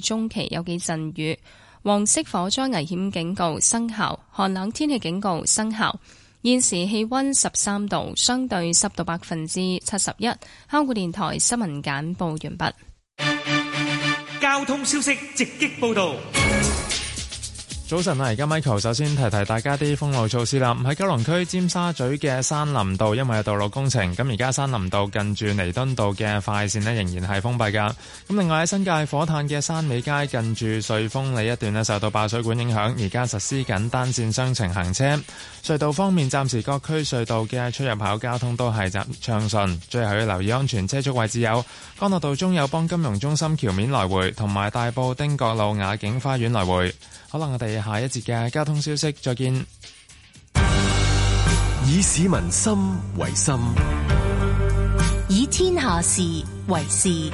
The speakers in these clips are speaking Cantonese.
中期有幾陣雨，黃色火災危險警告生效，寒冷天氣警告生效。現時氣温十三度，相對濕度百分之七十一。香港電台新聞簡報完畢。交通消息直擊報道。早晨啊！而家 Michael 首先提提大家啲封路措施啦。喺九龍區尖沙咀嘅山林道，因為有道路工程，咁而家山林道近住彌敦道嘅快線呢，仍然係封閉噶。咁另外喺新界火炭嘅山尾街近住瑞豐里一段呢，受到爆水管影響，而家實施緊單線雙程行車。隧道方面，暫時各區隧道嘅出入口交通都係暫暢順。最後要留意安全車速位置有干諾道中友邦金融中心橋面來回，同埋大埔丁角路雅景花園來回。可能我哋下一節嘅交通消息再見。以市民心為心，以天下事為事。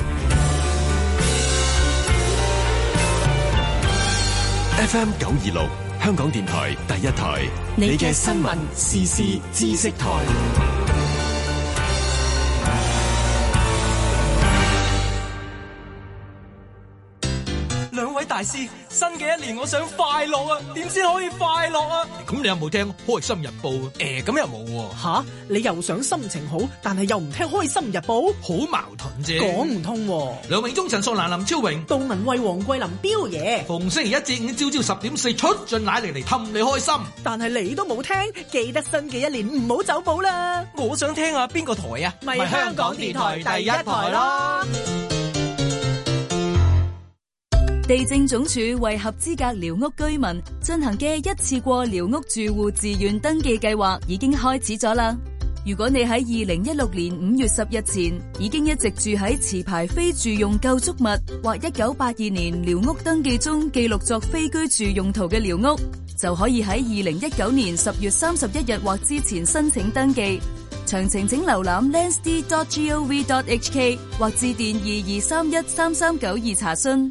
F M 九二六香港電台第一台，你嘅新聞時事知識台。大師，新嘅一年我想快樂啊，點先可以快樂啊？咁你有冇聽開心日報、呃、那啊？誒，咁又冇喎。吓，你又想心情好，但係又唔聽開心日報，好矛盾啫，講唔通，啊。梁永忠、陳淑蘭、林、林超榮、杜文慧、黃桂林、標爺，逢星期一至五朝朝十點四出來來，盡奶嚟嚟，氹你開心。但係你都冇聽，記得新嘅一年唔好走寶啦。我想聽下，邊個台啊？咪不香港電台第一台咯。地政總署為合資格寮屋居民進行嘅一次過寮屋住戶自願登記計劃已經開始咗啦。如果你喺二零一六年五月十日前已經一直住喺持牌非住用構築物或一九八二年寮屋登記中記錄作非居住用途嘅寮屋，就可以喺二零一九年十月三十一日或之前申請登記。詳情請瀏覽 landsd.gov.hk 或致電二二三一三三九二查詢。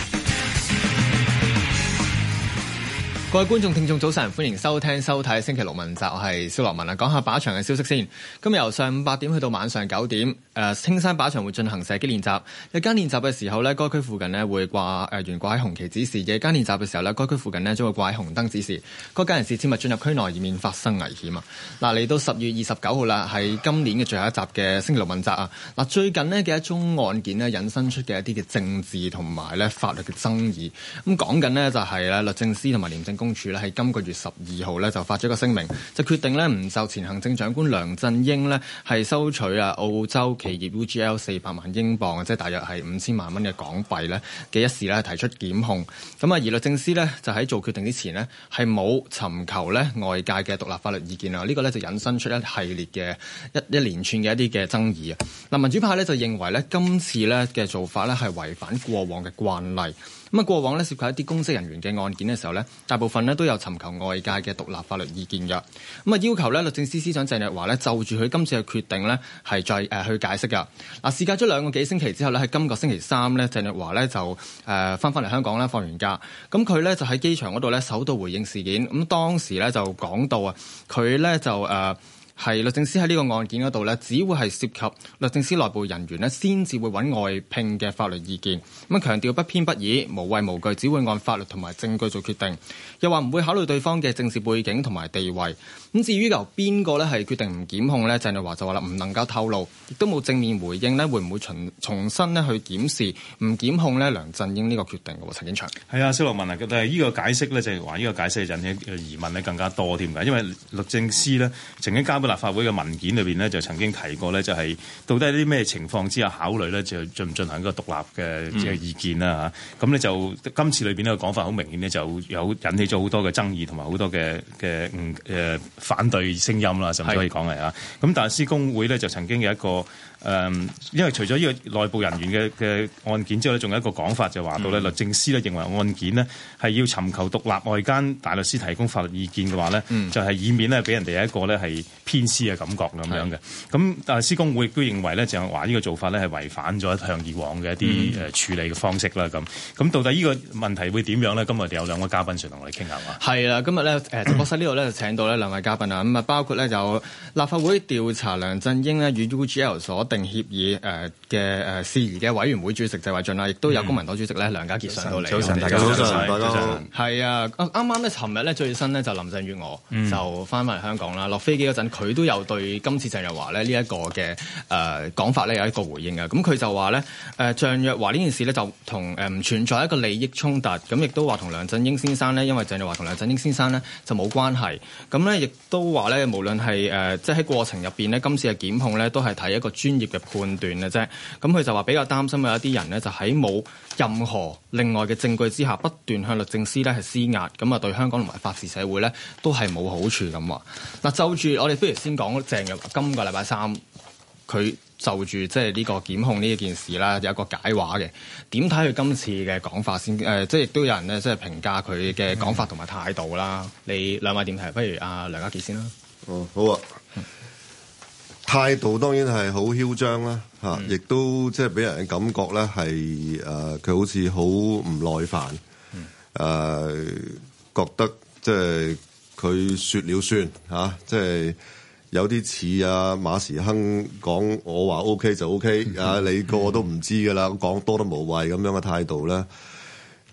各位觀眾聽眾早晨，歡迎收聽收睇，星期六問責。我係蕭樂文啊，講下靶場嘅消息先。今日由上午八點去到晚上九點，誒、呃，青山靶場會進行射擊練習。日間練習嘅時候呢該區附近咧會掛誒懸、呃、掛喺紅旗指示嘅，間練習嘅時候呢該區附近咧將會掛喺紅燈指示。各家人士切勿進入區內，以免發生危險啊！嗱，嚟到十月二十九號啦，係今年嘅最後一集嘅星期六問責。啊！嗱，最近呢嘅一宗案件引申出嘅一啲嘅政治同埋咧法律嘅爭議，咁講緊就係律政司同埋廉政公署咧喺今個月十二號咧就發咗一個聲明，就決定呢唔受前行政長官梁振英呢係收取啊澳洲企業 UGL 四百萬英鎊，即係大約係五千萬蚊嘅港幣呢嘅一事呢提出檢控。咁啊，而律政司呢就喺做決定之前呢係冇尋求呢外界嘅獨立法律意見啊。呢個就引申出一系列嘅一一連串嘅一啲嘅爭議啊。嗱，民主派呢就認為呢今次呢嘅做法呢係違反過往嘅慣例。咁啊，過往咧涉及一啲公職人員嘅案件嘅時候咧，大部分咧都有尋求外界嘅獨立法律意見嘅。咁啊，要求咧律政司司長鄭若驊咧就住佢今次嘅決定咧係再去解釋噶。嗱，事隔咗兩個幾星期之後咧，喺今個星期三咧，鄭若驊咧就誒翻返嚟香港咧放完假，咁佢咧就喺機場嗰度咧首度回應事件。咁當時咧就講到啊，佢咧就誒。係律政司喺呢個案件嗰度呢，只會係涉及律政司內部人員呢，先至會揾外聘嘅法律意見。咁強調不偏不倚、無畏無懼，只會按法律同埋證據做決定，又話唔會考慮對方嘅政治背景同埋地位。咁至於由邊個咧係決定唔檢控咧？鄭若驊就話啦，唔能夠透露，亦都冇正面回應呢，會唔會重重新呢去檢視唔檢控呢？梁振英呢個決定嘅喎，陳景祥。係啊，蕭洛汶。啊，但係呢個解釋咧，就係話呢個解釋引起疑問呢更加多添㗎，因為律政司呢曾經交俾立法會嘅文件裏面呢，就曾經提過呢，就係到底啲咩情況之下考慮呢，就進唔進行一個獨立嘅即係意見啦嚇。咁咧、嗯、就今次裏面呢個講法好明顯呢，就有引起咗好多嘅爭議同埋好多嘅嘅、嗯呃反對聲音啦，甚至可以講係啊，咁是的 但係施工會咧就曾經有一個。誒、嗯，因為除咗呢個內部人員嘅嘅案件之外咧，仲有一個講法就話到咧、嗯、律政司咧認為案件呢係要尋求獨立外間大律師提供法律意見嘅話呢、嗯、就係以免咧俾人哋一個呢係偏私嘅感覺咁是樣嘅。咁但係施工會亦都認為咧就話呢個做法呢係違反咗一向以往嘅一啲誒處理嘅方式啦。咁咁、嗯、到底呢個問題會點樣呢？今日我哋有、呃、兩位嘉賓想同我哋傾下話。係啦，今日呢，誒，陳博士呢度呢就請到咧兩位嘉賓啊。咁啊，包括呢，就立法會調查梁振英呢與 UGL 所定協議誒嘅誒事宜嘅委員會主席謝偉俊啦，亦都有公民黨主席咧梁家傑上到嚟。早晨安大家，早晨安，早晨安，係啊道！啱啱咧，尋日咧最新咧就林鄭月娥、嗯、就翻翻嚟香港啦。落飛機嗰陣，佢都有對今次鄭若驊咧呢一個嘅誒、呃、講法咧有一個回應嘅。咁佢就話咧誒，鄭、呃、若驊呢件事咧就同誒唔存在一個利益衝突。咁亦都話同梁振英先生咧，因為鄭若驊同梁振英先生咧就冇關係。咁咧亦都話咧，無論係誒、呃、即係喺過程入邊呢，今次嘅檢控咧都係睇一個專。嘅判斷嘅啫，咁佢就話比較擔心有一啲人咧，就喺冇任何另外嘅證據之下，不斷向律政司咧係施壓，咁啊對香港同埋法治社會咧都係冇好處咁話。嗱就住我哋不如先講鄭若，今個禮拜三佢就住即係呢個檢控呢件事啦，有一個解話嘅。點睇佢今次嘅講法先、呃？即係亦都有人咧，即係評價佢嘅講法同埋態度啦。 你兩位點睇？不如阿梁家傑先啦、嗯。好啊。態度當然係好囂張啦，嚇、嗯！亦都即係俾人嘅感覺咧，係誒佢好似好唔耐煩，誒、嗯呃、覺得即係佢說了算嚇、啊，即係有啲似阿馬時亨講我話 OK 就 OK，嗯、啊你個個都唔知噶啦，講、嗯、多都無謂咁樣嘅態度咧。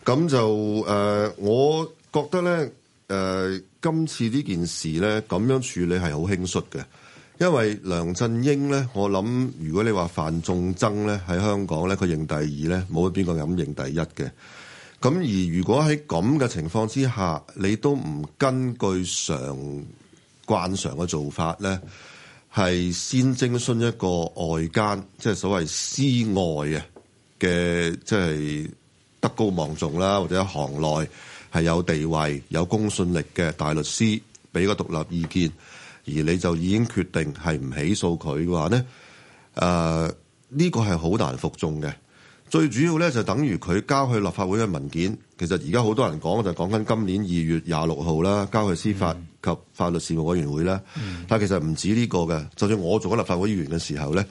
咁就誒、呃，我覺得咧誒、呃，今次呢件事咧咁樣處理係好輕率嘅。因為梁振英咧，我諗如果你話犯眾憎咧，喺香港咧，佢認第二咧，冇邊個敢認第一嘅。咁而如果喺咁嘅情況之下，你都唔根據常慣常嘅做法咧，係先徵詢一個外間，即係所謂私外呀嘅，即係德高望重啦，或者是行內係有地位、有公信力嘅大律師，俾個獨立意見。而你就已經決定係唔起訴佢嘅話咧，誒、呃、呢、呢個係好難服眾嘅。最主要咧就等於佢交去立法會嘅文件，其實而家好多人講就講、係、緊今年二月廿六號啦，交去司法及法律事務委員會啦。嗯、但其實唔止呢、呢個嘅，就算我做緊立法會議員嘅時候咧，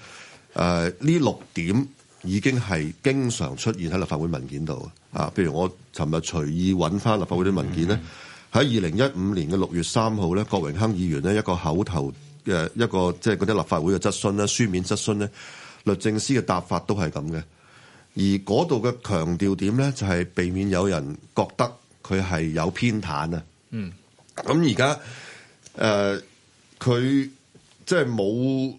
誒呢六點已經係經常出現喺立法會文件度啊。譬如我尋日隨意揾翻立法會啲文件咧。嗯嗯喺二零一五年嘅六月三號咧，郭榮鏗議員咧一個口頭嘅一個即係嗰啲立法會嘅質詢啦，書面質詢咧，律政司嘅答法都係咁嘅。而嗰度嘅強調點咧，就係避免有人覺得佢係有偏袒啊。嗯。咁而家誒，佢即係冇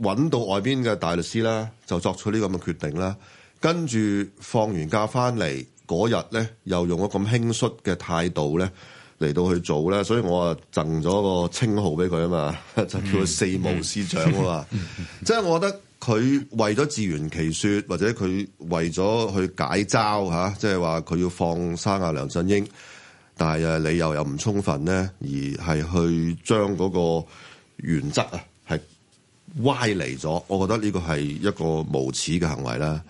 揾到外邊嘅大律師啦，就作出呢咁嘅決定啦。跟住放完假翻嚟嗰日咧，那天又用咗咁輕率嘅態度咧。嚟到去做咧，所以我啊贈咗個稱號俾佢啊嘛，就叫佢四無司長啊嘛。即係 我覺得佢為咗自圓其說，或者佢為咗去解嘲吓，即係話佢要放生啊梁振英，但係啊理由又唔充分咧，而係去將嗰個原則啊係歪嚟咗。我覺得呢個係一個無恥嘅行為啦。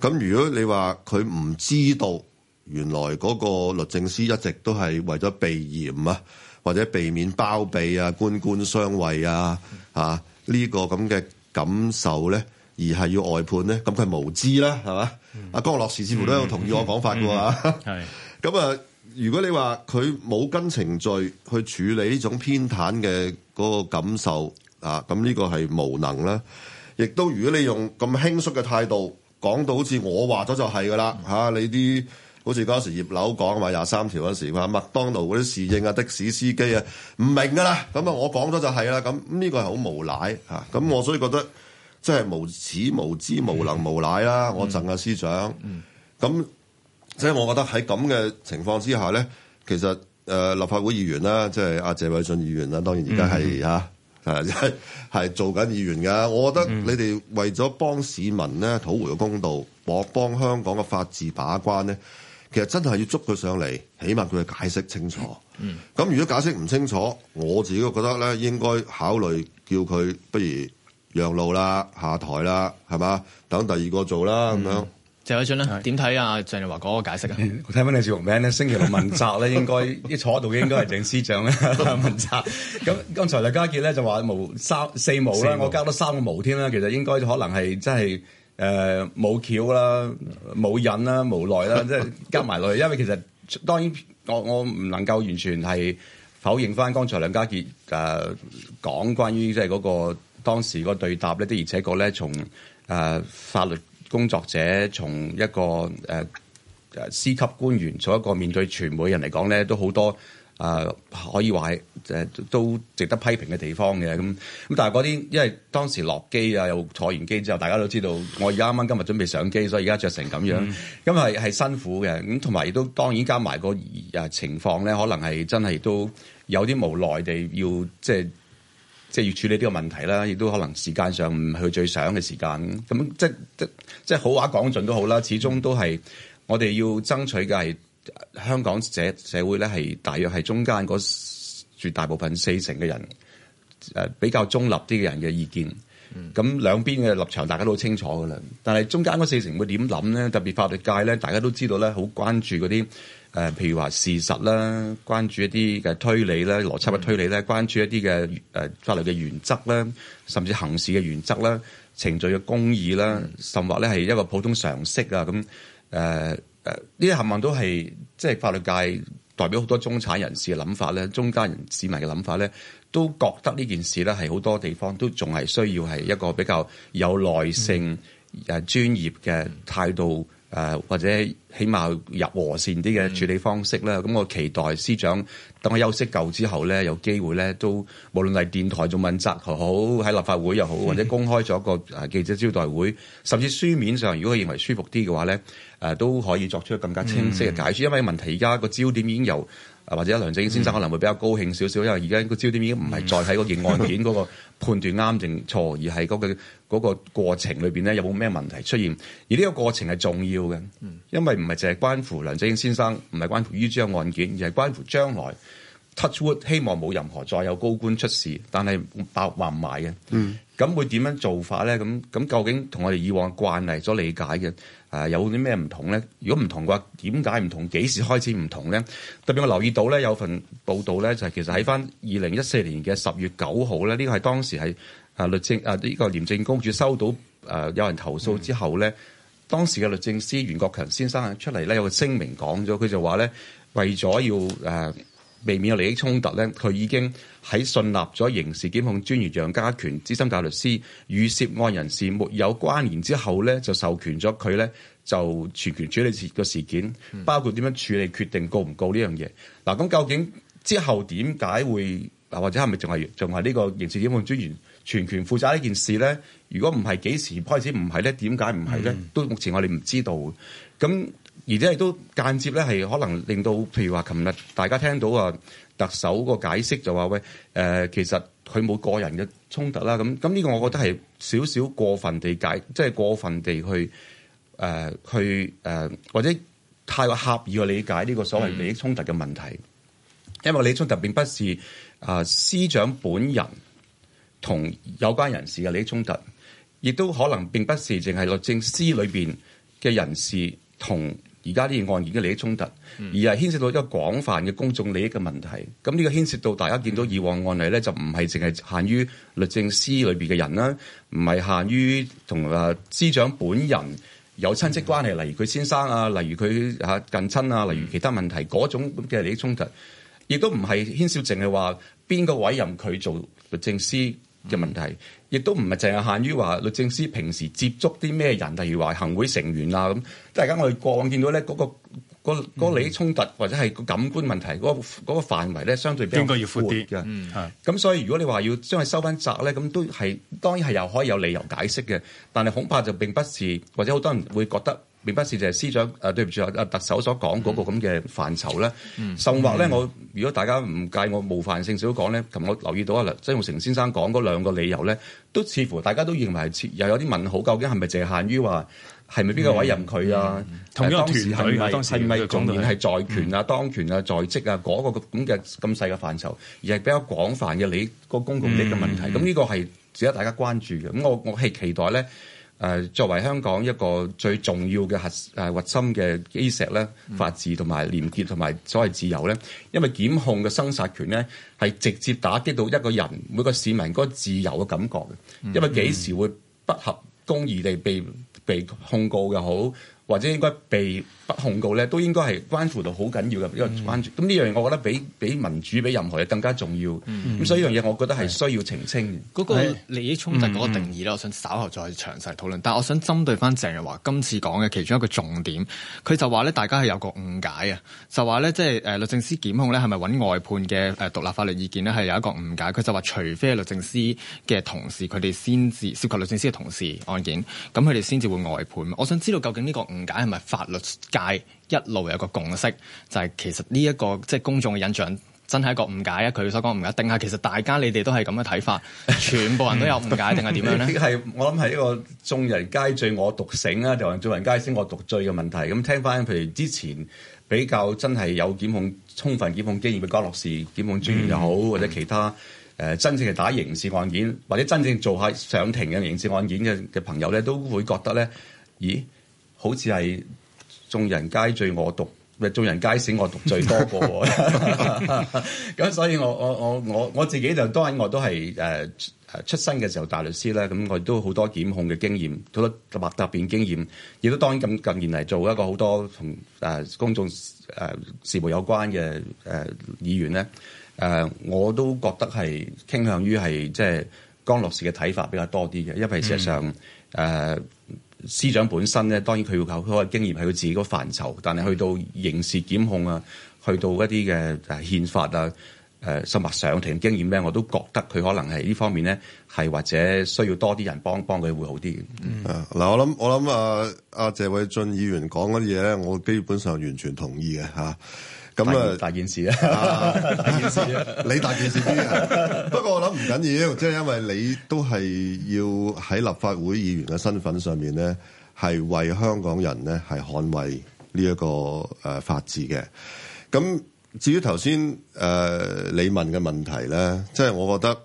咁如果你話佢唔知道？原來嗰個律政司一直都係為咗避嫌啊，或者避免包庇啊、官官相衛啊，啊呢、這個咁嘅感受咧，而係要外判咧，咁佢無知啦，係嘛？阿、嗯啊、江樂士似乎都有同意我講法㗎、嗯。喎、嗯。係、嗯、咁啊！如果你話佢冇跟程序去處理呢種偏袒嘅嗰個感受啊，咁呢個係無能啦。亦都如果你用咁輕率嘅態度講到好似我話咗就係㗎啦，嚇、啊、你啲。好似嗰時葉劉講話廿三條嗰時，話麥當勞嗰啲侍應啊、的士司機、嗯、啊，唔明噶啦。咁啊，我講咗就係啦。咁呢個係好無賴嚇。咁我所以覺得，即係無恥、無知、無能、無賴啦。嗯、我贈阿司長。咁、嗯嗯、即係我覺得喺咁嘅情況之下咧，其實誒、呃、立法會議員啦，即係阿謝偉俊議員啦，當然而家係即係係做緊議員㗎。我覺得你哋為咗幫市民咧討回個公道，我幫香港嘅法治把關咧。其實真係要捉佢上嚟，起碼佢嘅解釋清楚。咁、嗯、如果解釋唔清楚，我自己覺得咧，應該考慮叫佢不如讓路啦、下台啦，係嘛？等第二個做啦咁、嗯、樣。謝偉俊咧點睇啊？鄭若驊嗰個解釋啊、嗯？我聽翻你節目名咧？星期六問責咧，應該一 坐喺度應該係鄭司長咧問責。咁剛才梁家傑咧就話毛三四毛啦，毛我交多三個毛添啦。其實應該可能係真係。誒冇橋啦，冇引啦，無奈啦，即係加埋落去。因為其實當然我，我我唔能夠完全係否認翻剛才梁家傑誒、呃、講關於即係嗰個當時個對答咧。的而且確咧，從、呃、誒法律工作者，從一個誒司、呃、級官員，從一個面對傳媒人嚟講咧，都好多。啊、呃，可以話係、呃、都值得批評嘅地方嘅咁咁，但係嗰啲因為當時落機啊，又坐完機之後，大家都知道我而家啱啱今日準備上機，所以而家着成咁樣，嗯、因為係辛苦嘅咁，同埋亦都當然加埋個情況咧，可能係真係都有啲無奈地要即係即係要處理呢個問題啦，亦都可能時間上唔去最想嘅時間咁，即即即係好話講盡都好啦，始終都係我哋要爭取嘅係。香港社社會咧係大約係中間嗰絕大部分四成嘅人誒、呃、比較中立啲嘅人嘅意見，咁兩邊嘅立場，大家都好清楚噶啦。但係中間嗰四成會點諗咧？特別法律界咧，大家都知道咧，好關注嗰啲誒，譬如話事實啦，關注一啲嘅推理咧，邏輯嘅推理咧，嗯、關注一啲嘅誒法律嘅原則啦，甚至行事嘅原則啦，程序嘅公義啦，嗯、甚或咧係一個普通常識啊，咁誒。呃誒呢啲行問都係即係法律界代表好多中產人士嘅諗法咧，中間人市民嘅諗法咧，都覺得呢件事咧係好多地方都仲係需要係一個比較有耐性、嗯、專業嘅態度。誒或者起碼入和善啲嘅處理方式啦，咁、嗯、我期待司長等我休息夠之後咧，有機會咧都無論係電台做問責又好，喺立法會又好，或者公開咗個記者招待會，嗯、甚至書面上，如果佢認為舒服啲嘅話咧，誒都可以作出更加清晰嘅解説。嗯、因為問題而家個焦點已經由或者梁振英先生可能會比較高興少少，嗯、因為而家個焦點已經唔係再喺嗰件案件嗰、那個。嗯 判斷啱定錯，而係嗰個嗰個過程裏邊咧，有冇咩問題出現？而呢個過程係重要嘅，因為唔係淨係關乎梁振英先生，唔係關乎於張案件，而係關乎將來。Touchwood 希望冇任何再有高官出事，但係白話唔埋嘅，嗯，咁會點樣做法咧？咁咁究竟同我哋以往慣例所理解嘅，誒有啲咩唔同咧？如果唔同嘅話，點解唔同？幾時開始唔同咧？特別我留意到咧，有份報道咧，就係、是，其實喺翻二零一四年嘅十月九號咧，呢、這個係當時係啊律政啊呢、這個廉政公署收到誒有人投訴之後咧，嗯、當時嘅律政司袁國強先生出嚟咧，有個聲明講咗，佢就話咧，為咗要誒。呃避免有利益衝突咧，佢已經喺信納咗刑事檢控專員楊家權資深大律師，與涉案人士沒有關聯之後咧，就授權咗佢咧就全權處理個事件，包括點樣處理、決定告唔告呢樣嘢。嗱、嗯，咁究竟之後點解會，嗱或者係咪仲係，仲係呢個刑事檢控專員全權負責呢件事咧？如果唔係幾時開始唔係咧，點解唔係咧？嗯、都目前我哋唔知道。咁。而且亦都間接咧，係可能令到，譬如話，琴日大家聽到啊，特首個解釋就話喂，誒、呃，其實佢冇個人嘅衝突啦。咁咁呢個，我覺得係少少過分地解，即係過分地去誒、呃、去誒、呃，或者太過狹義去理解呢個所謂利益衝突嘅問題。的因為利益衝突並不是啊、呃、司長本人同有關人士嘅利益衝突，亦都可能並不是淨係律政司裏邊嘅人士同。而家呢啲案件嘅利益衝突，而係牽涉到一個廣泛嘅公眾利益嘅問題。咁呢個牽涉到大家見到以往案例咧，就唔係淨係限於律政司裏邊嘅人啦，唔係限於同司長本人有親戚關係，嗯、例如佢先生啊，例如佢嚇近親啊，例如其他問題嗰種嘅利益衝突，亦都唔係牽涉淨係話邊個委任佢做律政司。嘅問題亦都唔係淨係限於話律政司平時接觸啲咩人，例如話行會成員啊咁。即係而家我哋過往見到咧、那、嗰個。嗯、個個利益衝突或者係個感官問題，嗰個嗰個範圍咧，相對比較應該要闊啲嘅。嗯，係。咁所以如果你話要將佢收翻窄咧，咁都係當然係又可以有理由解釋嘅。但係恐怕就並不是，或者好多人會覺得並不是就係司長誒、啊、對唔住啊特首所講嗰個咁嘅範疇咧。嗯、甚或咧，嗯、我如果大家唔介意我冒犯性少講咧，咁、嗯、我留意到阿周永成先生講嗰兩個理由咧，都似乎大家都認為又有啲問號，究竟係咪淨限於話？係咪邊個委任佢啊？當時係咪係咪重點係在權啊、嗯、當權啊、在職啊嗰、嗰個咁嘅咁細嘅範疇，而係比較廣泛嘅你、嗰個公共利益嘅問題。咁呢、嗯嗯、個係值得大家關注嘅。咁我我係期待咧、呃，作為香港一個最重要嘅核核心嘅基石咧，法治同埋廉潔同埋所謂自由咧，嗯、因為檢控嘅生殺權咧係直接打擊到一個人每個市民嗰個自由嘅感覺嘅，嗯嗯、因為幾時會不合公義地被。被控告又好，或者應該被。不控告咧都應該係關乎到好緊要嘅一，這個關注，咁呢樣嘢我覺得比比民主比任何嘢更加重要。咁，嗯、所以呢樣嘢我覺得係需要澄清嗰是是個利益衝突嗰個定義咧，我想稍後再詳細討論。嗯、但係我想針對翻鄭日華今次講嘅其中一個重點，佢就話咧大家係有個誤解啊，就話咧即係誒律政司檢控咧係咪揾外判嘅獨，呃、立法律意見咧係有一個誤解。佢就話除非律政司嘅同事佢哋先至涉及律政司嘅同事案件，咁佢哋先至會外判。我想知道究竟呢個誤解係咪法律界，一路有一個共識，就係、是、其實呢、這個、一個即係公眾嘅印象，真係一個誤解啊！佢所講誤解，定係其實大家你哋都係咁嘅睇法，全部人都有誤解，定係點樣咧？係我諗係一個眾人皆醉我獨醒啊，定係眾人皆醒我獨醉，眾人皆醒我獨醉嘅問題，咁聽翻，譬如之前比較真係有檢控充分檢控經驗嘅江樂士檢控專員又好， 或者其他誒、呃、真正係打刑事案件，或者真正做下上庭嘅刑事案件嘅嘅朋友咧，都會覺得咧，咦，好似係。眾人皆醉我獨，咪眾人皆死我獨最多個喎。咁 所以我，我我我我我自己就當然我都係誒誒出生嘅時候大律師咧，咁我亦都好多檢控嘅經驗，好多特特別經驗，亦都當然咁近年嚟做一個好多同誒、呃、公眾誒事務有關嘅誒議員咧，誒、呃呃、我都覺得係傾向於係即係江樂士嘅睇法比較多啲嘅，因為事實上誒。嗯呃司長本身咧，當然佢要靠佢個經驗喺佢自己個範疇，但係去到刑事檢控啊，去到一啲嘅憲法啊，誒、呃，實務上庭經驗咧，我都覺得佢可能係呢方面咧，係或者需要多啲人幫幫佢會好啲。嗱、嗯啊，我諗我諗阿阿謝偉俊議員講嗰啲嘢咧，我基本上完全同意嘅嚇。啊。咁啊那大件事啊，大件事啊，你大件事啲啊！ 不過我諗唔緊要，即係因為你都係要喺立法會議員嘅身份上面咧，係為香港人咧係捍衛呢一個誒、呃、法治嘅。咁至於頭先誒你問嘅問題咧，即係我覺得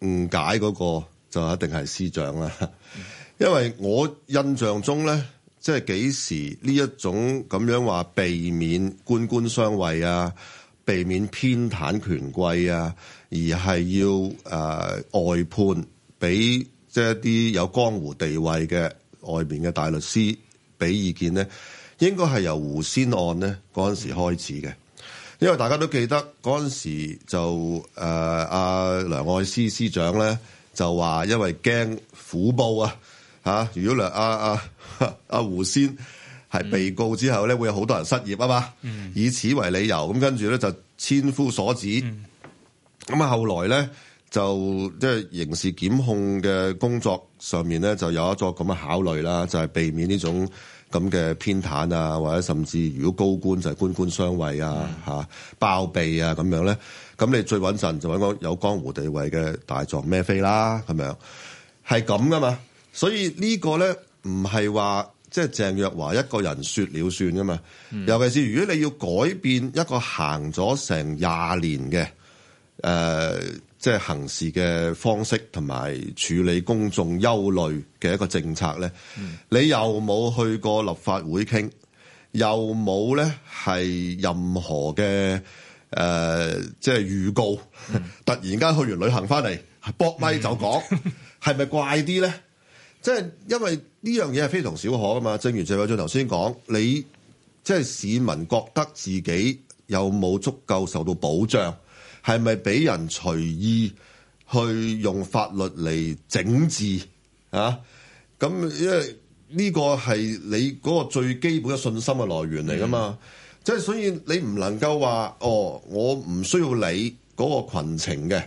誤解嗰個就一定係司長啦，因為我印象中咧。即係幾時呢一種咁樣話避免官官相衛啊，避免偏袒權貴啊，而係要誒、呃、外判俾即係一啲有江湖地位嘅外面嘅大律師俾意見咧，應該係由胡仙案咧嗰陣時開始嘅，因為大家都記得嗰陣時就誒阿、呃啊、梁愛詩司長咧就話因為驚虎報啊。吓！如果梁阿阿阿胡先係被告之後咧，嗯、會有好多人失業啊嘛。嗯、以此為理由，咁跟住咧就千夫所指。咁啊、嗯，後來咧就即係刑事檢控嘅工作上面咧，就有一座咁嘅考慮啦，就係、是、避免呢種咁嘅偏袒啊，或者甚至如果高官就係官官相衛、嗯、啊、吓包庇啊咁樣咧，咁你最穩陣就揾個有江湖地位嘅大狀咩飛啦，咁樣係咁噶嘛。所以這個呢個咧唔係話即係鄭若驊一個人説了算噶嘛，嗯、尤其是如果你要改變一個行咗成廿年嘅誒即係行事嘅方式同埋處理公眾憂慮嘅一個政策咧，嗯、你又冇去過立法會傾，又冇咧係任何嘅誒即係預告，嗯、突然間去完旅行翻嚟撲咪就講係咪怪啲咧？即係因為呢樣嘢係非同小可噶嘛，正如謝偉俊頭先講，你即係市民覺得自己有冇足夠受到保障，係咪俾人隨意去用法律嚟整治啊？咁因為呢個係你嗰個最基本嘅信心嘅來源嚟噶嘛，即係、嗯、所以你唔能夠話哦，我唔需要你嗰個群情嘅，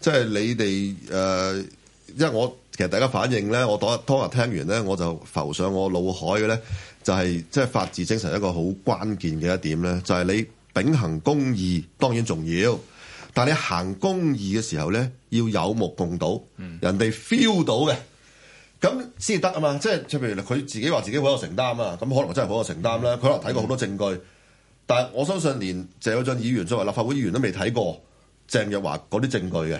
即、就、係、是、你哋誒、呃，因為我。其實大家反映咧，我當當日聽完咧，我就浮上我腦海嘅咧，就係即係法治精神一個好關鍵嘅一點咧，就係、是、你秉行公義當然重要，但係你行公義嘅時候咧要有目共睹，人哋 feel 到嘅，咁先至得啊嘛！即係譬如佢自己話自己好有承擔啊，咁可能真係好有承擔啦，佢可能睇過好多證據，嗯、但係我相信連謝偉俊議員作為立法會議員都未睇過鄭若驊嗰啲證據嘅。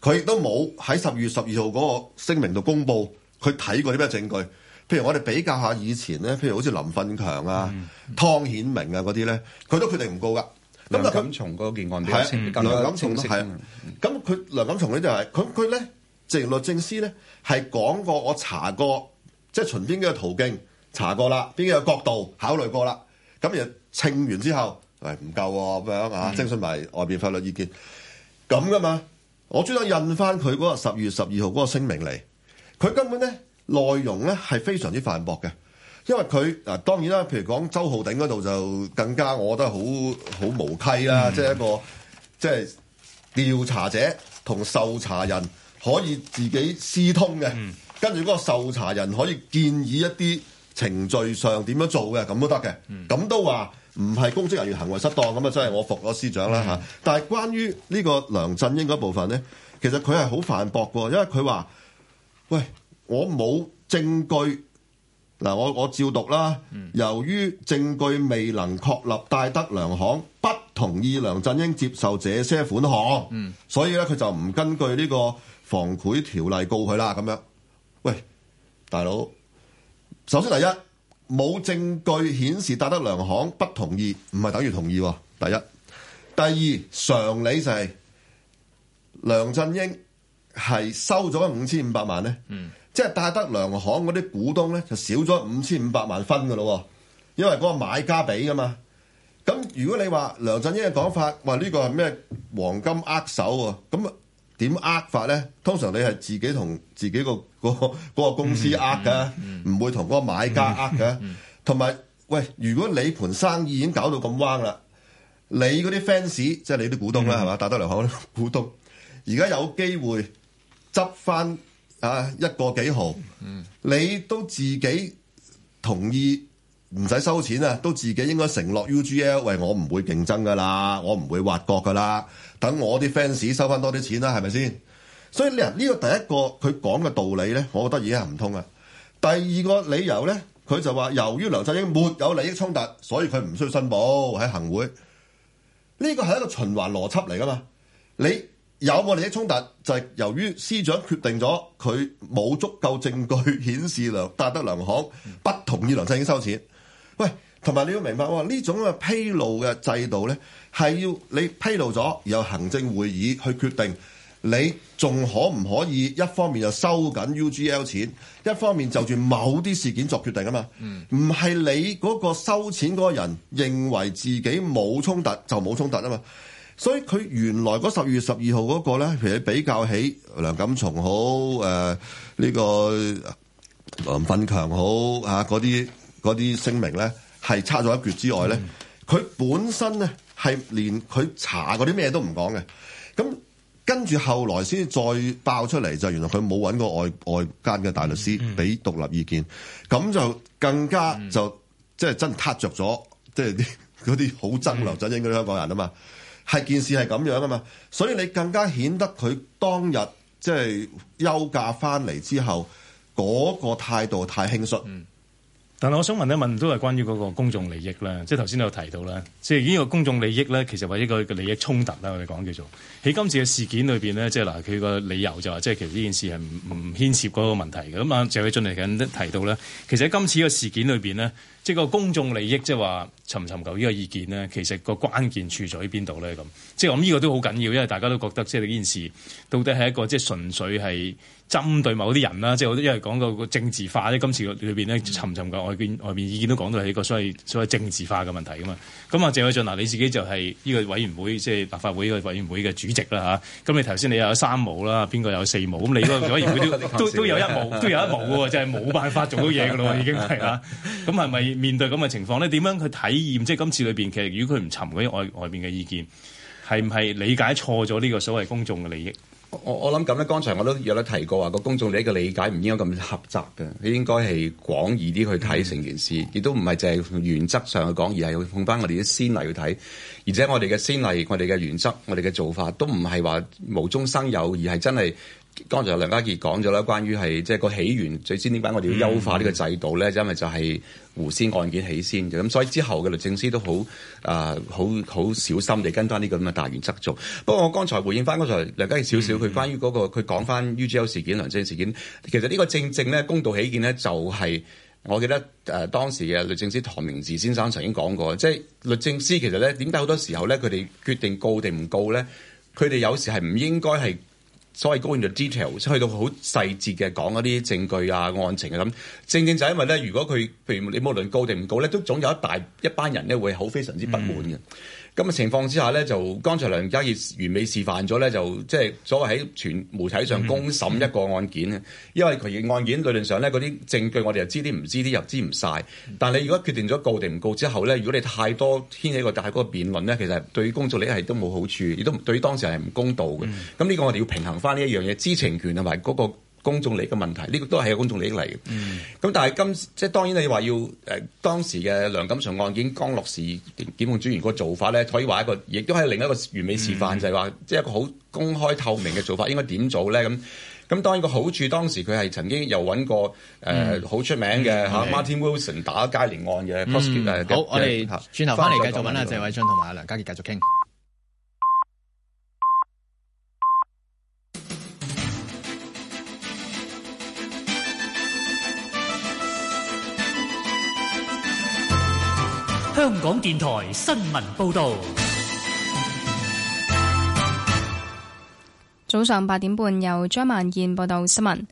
佢亦都冇喺十二月十二號嗰個聲明度公布，佢睇過啲咩證據？譬如我哋比較下以前咧，譬如好似林奮強啊、湯顯明啊嗰啲咧，佢都決定唔告噶。咁但係從嗰件案件、啊，梁錦松係，咁佢梁錦松咧就係佢佢咧，作為律政司咧係講過，我查過，即係循邊幾個途徑查過啦，邊幾個角度考慮過啦。咁而稱完之後，唔、哎、夠咁、啊、樣啊，徵詢埋外邊法律意見，咁噶、嗯、嘛？我專登印翻佢嗰個十二月十二號嗰個聲明嚟，佢根本咧內容咧係非常之反駁嘅，因為佢啊當然啦，譬如講周浩鼎嗰度就更加，我覺得好好無稽啦，即係、嗯、一個即係、就是、調查者同受查人可以自己私通嘅，跟住嗰個受查人可以建議一啲程序上點樣做嘅，咁都得嘅，咁都話。唔係公職人員行為失當咁啊，真係我服咗司長啦吓，嗯、但係關於呢個梁振英的部分咧，其實佢係好反駁嘅，因為佢話喂，我冇證據嗱，我我照讀啦。嗯、由於證據未能確立戴德梁行不同意梁振英接受這些款項嗯，所以咧佢就唔根據呢個防賄條例告佢啦。咁樣，喂，大佬，首先第一。冇證據顯示戴德梁行不同意，唔係等於同意喎。第一，第二常理就係、是、梁振英係收咗五千五百萬咧，嗯、即係戴德梁行嗰啲股東咧就少咗五千五百萬分嘅咯，因為嗰個買家俾㗎嘛。咁如果你話梁振英嘅講法話呢、這個係咩黃金握手喎，咁啊？點呃法咧？通常你係自己同自己個個嗰個公司呃嘅，唔會同嗰個買家呃嘅。同埋，喂，如果你盤生意已經搞到咁彎啦，你嗰啲 fans 即係你啲股東啦，係嘛？大德嚟口股東，而家、嗯、有機會執翻啊一個幾毫，你都自己同意唔使收錢啊，都自己應該承諾 UGL，喂，我唔會競爭㗎啦，我唔會挖角㗎啦。等我啲 fans 收翻多啲錢啦，係咪先？所以呢，呢個第一個佢講嘅道理呢，我覺得已經係唔通啊。第二個理由呢，佢就話由於梁振英沒有利益衝突，所以佢唔需要申報喺行會。呢個係一個循環邏輯嚟㗎嘛？你有冇利益衝突？就係由於司長決定咗，佢冇足夠證據顯示戴德梁行不同意梁振英收錢。喂，同埋你要明白喎，呢種嘅披露嘅制度呢。係要你披露咗，然後行政會議去決定你仲可唔可以一方面就收緊 UGL 錢，一方面就住某啲事件作決定啊嘛。唔係、嗯、你嗰個收錢嗰個人認為自己冇衝突就冇衝突啊嘛。所以佢原來嗰十二月十二號嗰個咧，其實比較起梁錦松好誒、呃這個啊、呢個林奮強好啊嗰啲啲聲明咧，係差咗一橛之外咧，佢、嗯、本身咧。係連佢查嗰啲咩都唔講嘅，咁跟住後來先再爆出嚟，就原來佢冇搵過外外間嘅大律師俾獨立意見，咁、嗯、就更加就即係、就是、真踏著咗，即係啲嗰啲好憎梁振英嘅啲香港人啊嘛，係、嗯、件事係咁樣啊嘛，嗯、所以你更加顯得佢當日即係、就是、休假翻嚟之後嗰、那個態度太輕率。嗯嗱，但我想問一問，都係關於嗰個公眾利益啦，即係頭先都有提到啦，即係呢個公眾利益咧，其實話一個利益衝突啦，我哋講叫做喺今次嘅事件裏邊咧，即係嗱，佢個理由就話、是，即係其實呢件事係唔唔牽涉嗰個問題嘅。咁啊，謝偉俊嚟緊提到咧，其實喺今次嘅事件裏邊呢，即係個公眾利益即係話尋唔尋求呢個意見呢，其實個關鍵處在邊度咧？咁即係我諗呢個都好緊要，因為大家都覺得即係呢件事到底係一個即係純粹係。針對某啲人啦，即係我因為講到個政治化咧，今次個裏邊咧，尋唔尋求外邊外邊意見都講到係一個所謂所謂政治化嘅問題噶嘛。咁啊，謝偉俊，嗱，你自己就係呢個委員會，即係立法會嘅委員會嘅主席啦吓，咁你頭先你有三無啦，邊個有四無？咁你那都當然嗰都都有一無，都有一無嘅，就係冇辦法做到嘢噶咯， 已經係啦。咁係咪面對咁嘅情況咧？點樣去體驗？即係今次裏邊，其實如果佢唔尋嗰啲外外邊嘅意見，係唔係理解錯咗呢個所謂公眾嘅利益？我我諗咁咧，剛才我都有得提過話，個公眾你嘅理解唔應該咁狹窄嘅，應該係廣義啲去睇成件事，亦都唔係淨係原則上去講，而係用翻我哋啲先例去睇，而且我哋嘅先例，我哋嘅原則，我哋嘅做法，都唔係話無中生有，而係真係。剛才梁家傑講咗啦，關於係即係個起源，最先點解我哋要優化呢個制度咧？嗯、因為就係胡仙案件起先嘅，咁所以之後嘅律政司都好啊，好、呃、好小心地跟翻呢個咁嘅大原則做。不過我剛才回應翻剛才梁家傑少少佢關於嗰、那個，佢講翻 UGL 事件、梁政事件，其實呢個正正咧公道起見咧、就是，就係我記得誒當時嘅律政司唐明治先生曾經講過，即、就、係、是、律政司其實咧點解好多時候咧佢哋決定告定唔告咧，佢哋有時候係唔應該係。所謂高完就 detail，去到好細節嘅講一啲證據啊、案情啊咁，正正就係因為呢，如果佢譬如你無論高定唔高呢，都總有一大一班人呢會好非常之不滿嘅。嗯咁嘅情況之下咧，就剛才梁家傑完美示範咗咧，就即係所謂喺全媒體上公審一個案件，嗯嗯、因為佢嘅案件理論上咧，嗰啲證據我知知，我哋又知啲唔知啲又知唔晒。但你如果決定咗告定唔告之後咧，如果你太多牽起個大嗰個辯論咧，其實對於工作利益都冇好處，亦都對於當事人係唔公道嘅。咁呢、嗯、個我哋要平衡翻呢一樣嘢，知情權同埋嗰個。公眾利益嘅問題，呢個都係個公眾利益嚟嘅。咁、嗯、但係今即係當然你話要誒、呃、當時嘅梁錦祥案件江樂士檢控主任個做法咧，可以話一個，亦都係另一個完美示範，嗯、就係話即係一個好公開透明嘅做法，應該點做咧？咁、嗯、咁、嗯嗯、當然個好處，當時佢係曾經又搵個誒好出名嘅 Martin Wilson 打街連案嘅。好，我哋轉頭翻嚟繼續揾阿、啊、謝偉俊同埋阿梁家傑繼續傾。香港電台新聞報道。早上八點半，由張萬燕報道新聞。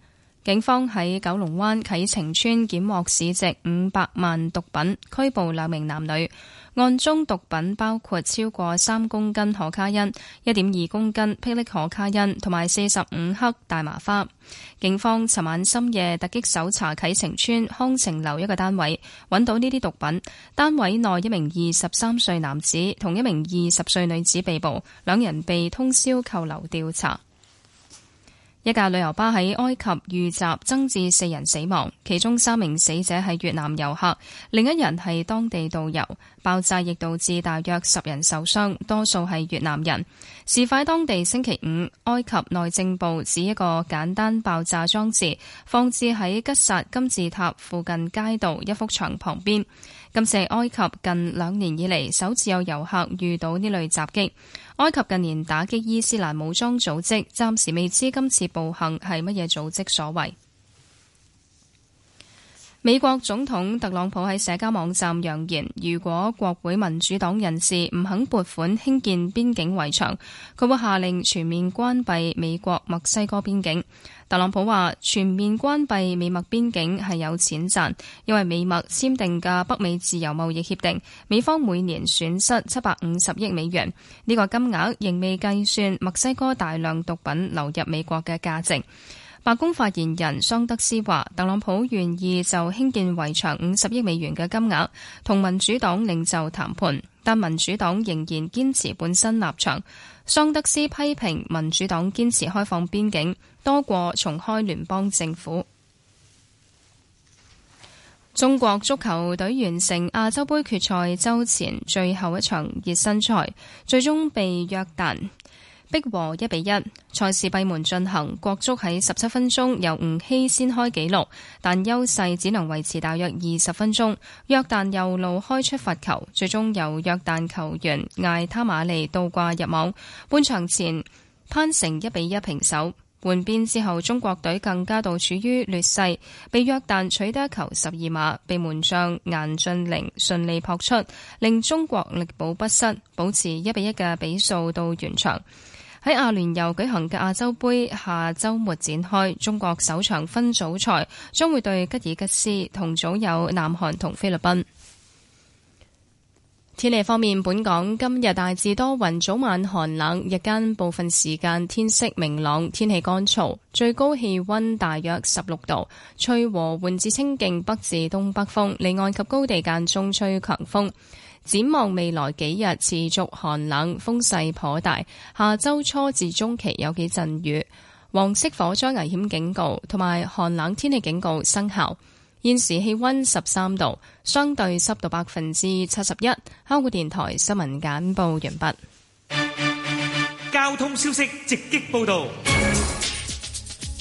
警方喺九龍灣啟晴邨檢獲市值五百萬毒品，拘捕兩名男女。案中毒品包括超過三公斤可卡因、一點二公斤霹靂可卡因同埋四十五克大麻花。警方尋晚深夜突擊搜查啟晴邨康晴樓一個單位，揾到呢啲毒品。單位內一名二十三歲男子同一名二十歲女子被捕，兩人被通宵扣留調查。一架旅遊巴喺埃及遇襲，增至四人死亡，其中三名死者係越南遊客，另一人係當地導遊。爆炸亦導致大約十人受傷，多數係越南人。事發當地星期五，埃及內政部指一個簡單爆炸裝置放置喺吉薩金字塔附近街道一幅牆旁邊。今次係埃及近兩年以嚟首次有遊客遇到呢類襲擊。埃及近年打擊伊斯蘭武裝組織，暫時未知今次暴行係乜嘢組織所為。美國總統特朗普喺社交網站揚言，如果國會民主黨人士唔肯撥款興建邊境圍牆，佢會下令全面關閉美國墨西哥邊境。特朗普話全面關閉美墨邊境係有錢賺，因為美墨簽訂嘅北美自由貿易協定，美方每年損失七百五十億美元，呢個金額仍未計算墨西哥大量毒品流入美國嘅價值。白宮發言人桑德斯話，特朗普願意就興建圍牆五十億美元嘅金額同民主黨領袖談判，但民主黨仍然堅持本身立場。桑德斯批評民主黨堅持開放邊境，多過重開聯邦政府。中國足球隊完成亞洲盃決賽周前最後一場熱身賽，最終被約旦。逼和一比一，賽事閉門進行。國足喺十七分鐘由吳曦先開紀錄，但優勢只能維持大約二十分鐘。約旦右路開出罰球，最終由約旦球員艾塔馬尼倒掛入網。半場前攀成一比一平手，換邊之後，中國隊更加到處於劣勢，被約旦取得球十二碼，被門將顏駿凌順利撲出，令中國力保不失，保持一比一嘅比數到完場。喺阿聯酋舉行嘅亞洲杯下周末展開，中國首場分組賽將會對吉爾吉斯，同組有南韓同菲律賓。天氣方面，本港今日大致多雲，早晚寒冷，日間部分時間天色明朗，天氣乾燥，最高氣温大約十六度，吹和緩至清勁北至東北風，離岸及高地間中吹強風。展望未來幾日持續寒冷，風勢頗大。下周初至中期有幾陣雨。黃色火災危險警告同埋寒冷天氣警告生效。現時氣溫十三度，相對濕度百分之七十一。香港電台新聞簡報完畢。交通消息直擊報道。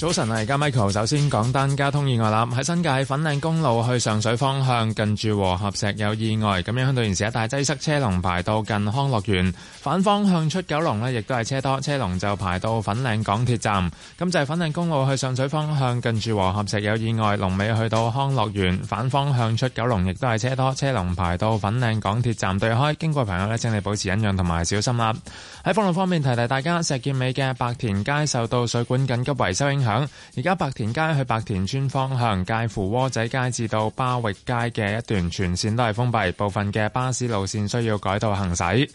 早晨，而家 Michael。首先講單交通意外啦，喺新界粉嶺公路去上水方向近住和合石有意外，咁樣響度現時一帶擠塞車龍排到近康樂園。反方向出九龍咧，亦都係車多，車龍就排到粉嶺港鐵站。咁就係粉嶺公路去上水方向近住和合石有意外，龍尾去到康樂園。反方向出九龍，亦都係車多，車龍排到粉嶺港鐵站對開。經過朋友咧，請你保持忍讓同埋小心啦。喺封路方面，提提大家，石硤尾嘅白田街受到水管緊急維修影響。而家白田街去白田村方向，介乎窩仔街至到巴域街嘅一段全線都係封閉，部分嘅巴士路線需要改道行駛。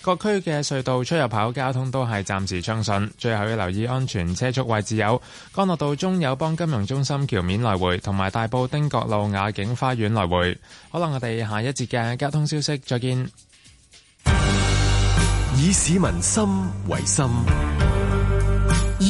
各區嘅隧道出入口交通都係暫時暢順，最後要留意安全車速位置有干諾道中友邦金融中心橋面來回同埋大埔丁角路雅景花園來回。好啦，我哋下一節嘅交通消息再見。以市民心為心。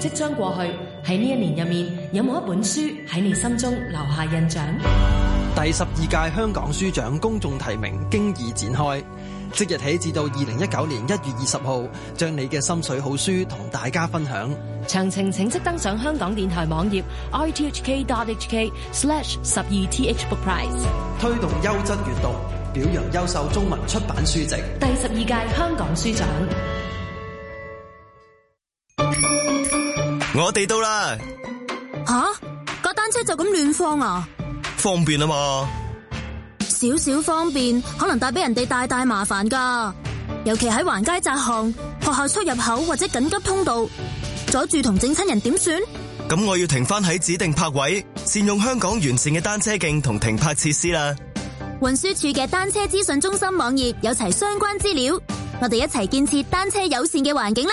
即將過去喺呢一年入面，有冇一本書喺你心中留下印象？第十二屆香港書獎公眾提名經已展開，即日起至到二零一九年一月二十號，將你嘅心水好書同大家分享。詳情請即登上香港電台網頁 r t h k dot h k slash 十二 t h book prize，推動優質閱讀，表揚優秀中文出版書籍。第十二屆香港書獎。嗯嗯嗯嗯嗯我哋到啦，吓個、啊、單車就咁亂放啊？方便啊嘛？少少方便，可能帶俾人哋大大麻煩噶。尤其喺橫街窄巷、學校出入口或者緊急通道，阻住同整親人點算？咁我要停翻喺指定泊位，善用香港完善嘅單車徑同停泊設施啦。運輸署嘅單車資訊中心網頁有齊相關資料，我哋一齊建設單車友善嘅環境啦。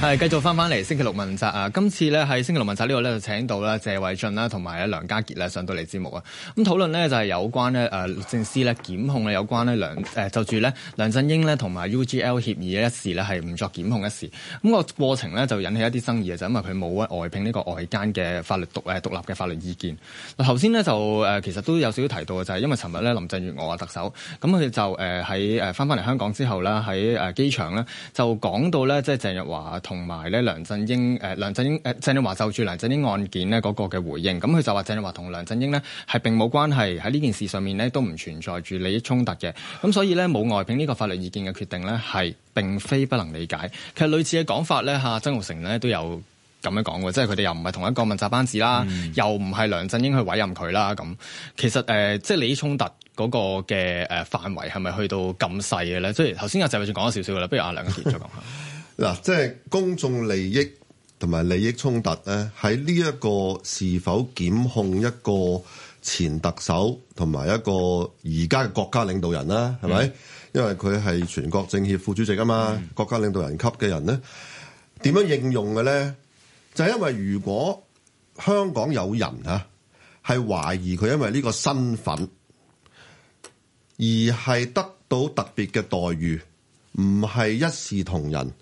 係繼續翻返嚟星期六問責啊！今次咧喺星期六問責呢度咧就請到啦謝偉俊啦，同埋呢梁家傑呢上到嚟節目啊！咁討論咧就係有關咧誒律政司咧檢控咧有關咧梁、呃、就住咧梁振英咧同埋 UGL 協議嘅一事咧係唔作檢控一事。咁、個過程咧就引起一啲爭議嘅，就因為佢冇外聘呢個外間嘅法律獨立嘅法律意見。嗱頭先咧就其實都有少少提到嘅就係、是、因為尋日咧林鄭月娥啊特首咁佢就喺返翻返嚟香港之後咧喺機場咧就講到咧即係鄭若驊。同埋咧，梁振英梁振英誒，鄭、呃、若驊就住梁振英案件咧嗰個嘅回應，咁佢就話鄭若驊同梁振英咧係並冇關係，喺呢件事上面咧都唔存在住利益衝突嘅，咁所以咧冇外聘呢個法律意見嘅決定咧係並非不能理解。其實類似嘅講法咧吓、啊，曾鈺成咧都有咁樣講喎，即係佢哋又唔係同一個問責班子啦，嗯、又唔係梁振英去委任佢啦咁。其實、呃、即係利益衝突嗰個嘅誒範圍係咪去到咁細嘅咧？即係頭先阿謝偉俊講咗少少啦，不如阿梁再講下。 嗱，即係公眾利益同埋利益衝突咧，喺呢一個是否檢控一個前特首同埋一個而家嘅國家領導人啦？係咪、嗯？因為佢係全國政協副主席啊嘛，嗯、國家領導人級嘅人咧，點樣應用嘅咧？就係、是、因為如果香港有人啊係懷疑佢，因為呢個身份而係得到特別嘅待遇，唔係一視同仁。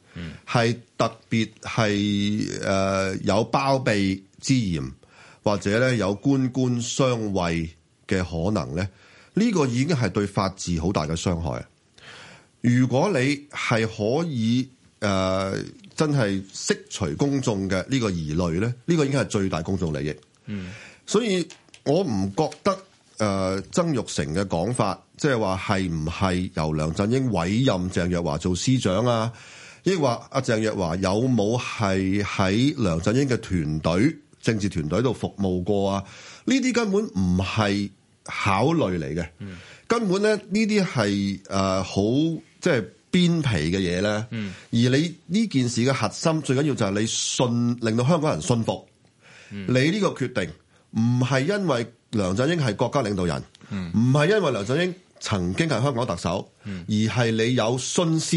係特別係誒，有包庇之嫌，或者咧有官官相衛嘅可能咧。呢、這個已經係對法治好大嘅傷害。如果你係可以誒、呃，真係釋除公眾嘅呢個疑慮咧，呢、這個已經係最大公眾利益。嗯，所以我唔覺得誒、呃，曾鈺成嘅講法，即係話係唔係由梁振英委任鄭若華做司長啊？抑或阿鄭若驊有冇係喺梁振英嘅團隊政治團隊度服務過啊？呢啲根本唔係考慮嚟嘅，嗯、根本咧呢啲係誒好即係邊皮嘅嘢咧。嗯、而你呢件事嘅核心最緊要就係你信，令到香港人信服。嗯、你呢個決定唔係因為梁振英係國家領導人，唔係、嗯、因為梁振英曾經係香港特首，而係你有徇私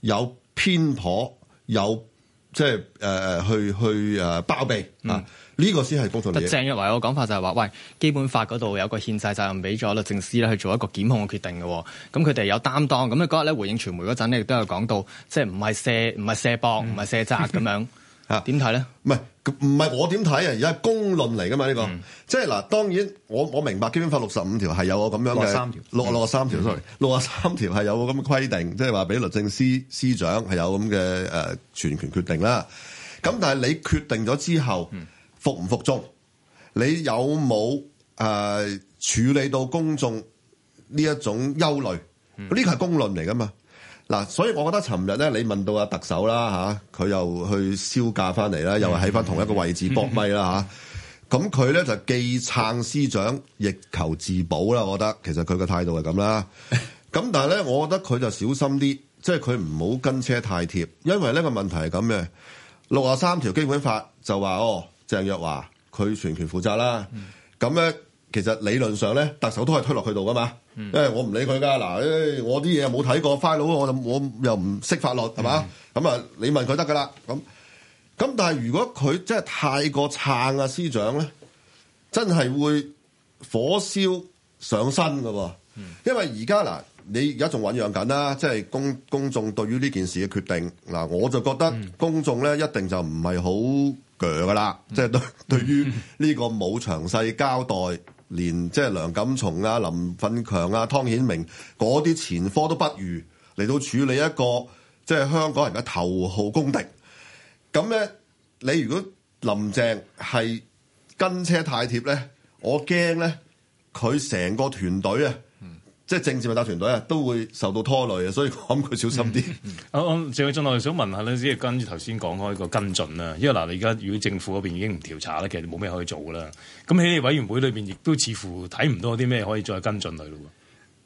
有。偏頗有即係誒誒去去誒、呃、包庇、嗯、啊呢個先係公道嘅嘢、啊。但係鄭講法就係、是、話，喂基本法嗰度有個憲制責任俾咗律政司咧去做一個檢控嘅決定嘅、哦，咁佢哋有擔當。咁咧嗰日咧回應傳媒嗰陣咧，亦都有講到，即係唔係卸唔係卸膊，唔係、嗯、卸責咁樣。 啊？點睇咧？唔係唔係我點睇啊？而家係公論嚟噶嘛？呢個、嗯、即係嗱，當然我我明白基本法六十五條係有個咁樣嘅六啊三條，六啊六啊三條 sorry，六啊三條係有咁嘅規定，即係話俾律政司司長係有咁嘅誒全權決定啦。咁但係你決定咗之後，服唔服眾？你有冇誒、呃、處理到公眾呢一種憂慮？呢個係公論嚟噶嘛？嗱，所以我覺得尋日咧，你問到阿特首啦嚇，佢又去消假翻嚟啦，又係喺翻同一個位置搏咪啦嚇。咁佢咧就既撐司長，亦求自保啦。我覺得其實佢個態度係咁啦。咁但係咧，我覺得佢就小心啲，即係佢唔好跟車太貼，因為呢個問題係咁嘅。六十三條基本法就話哦，鄭若驊佢全權負責啦。咁咧。 其實理論上咧，特首都係推落佢度噶嘛，嗯、因為我唔理佢噶。嗱，我啲嘢冇睇過，file 我就我又唔識法律係嘛，咁啊、嗯、你問佢得噶啦。咁咁但係如果佢真係太過撐啊司長咧，真係會火燒上身噶。因為而家嗱，你而家仲醞釀緊啦，即係公公眾對於呢件事嘅決定嗱，我就覺得公眾咧一定就唔係好鋸噶啦，即係對對於呢個冇詳細交代。連即係梁錦松啊、林奮強啊、湯顯明嗰啲前科都不如，嚟到處理一個即係香港人嘅頭號公敵，咁咧你如果林鄭係跟車太貼咧，我驚咧佢成個團隊啊！即係政治咪打團隊啊，都會受到拖累嘅，所以我諗佢小心啲。阿阿謝偉俊，我係想問下咧，即係跟住頭先講開個跟進啦。因為嗱，你而家如果政府嗰邊已經唔調查咧，其實冇咩可以做噶啦。咁喺你委員會裏邊，亦都似乎睇唔到啲咩可以再跟進佢咯。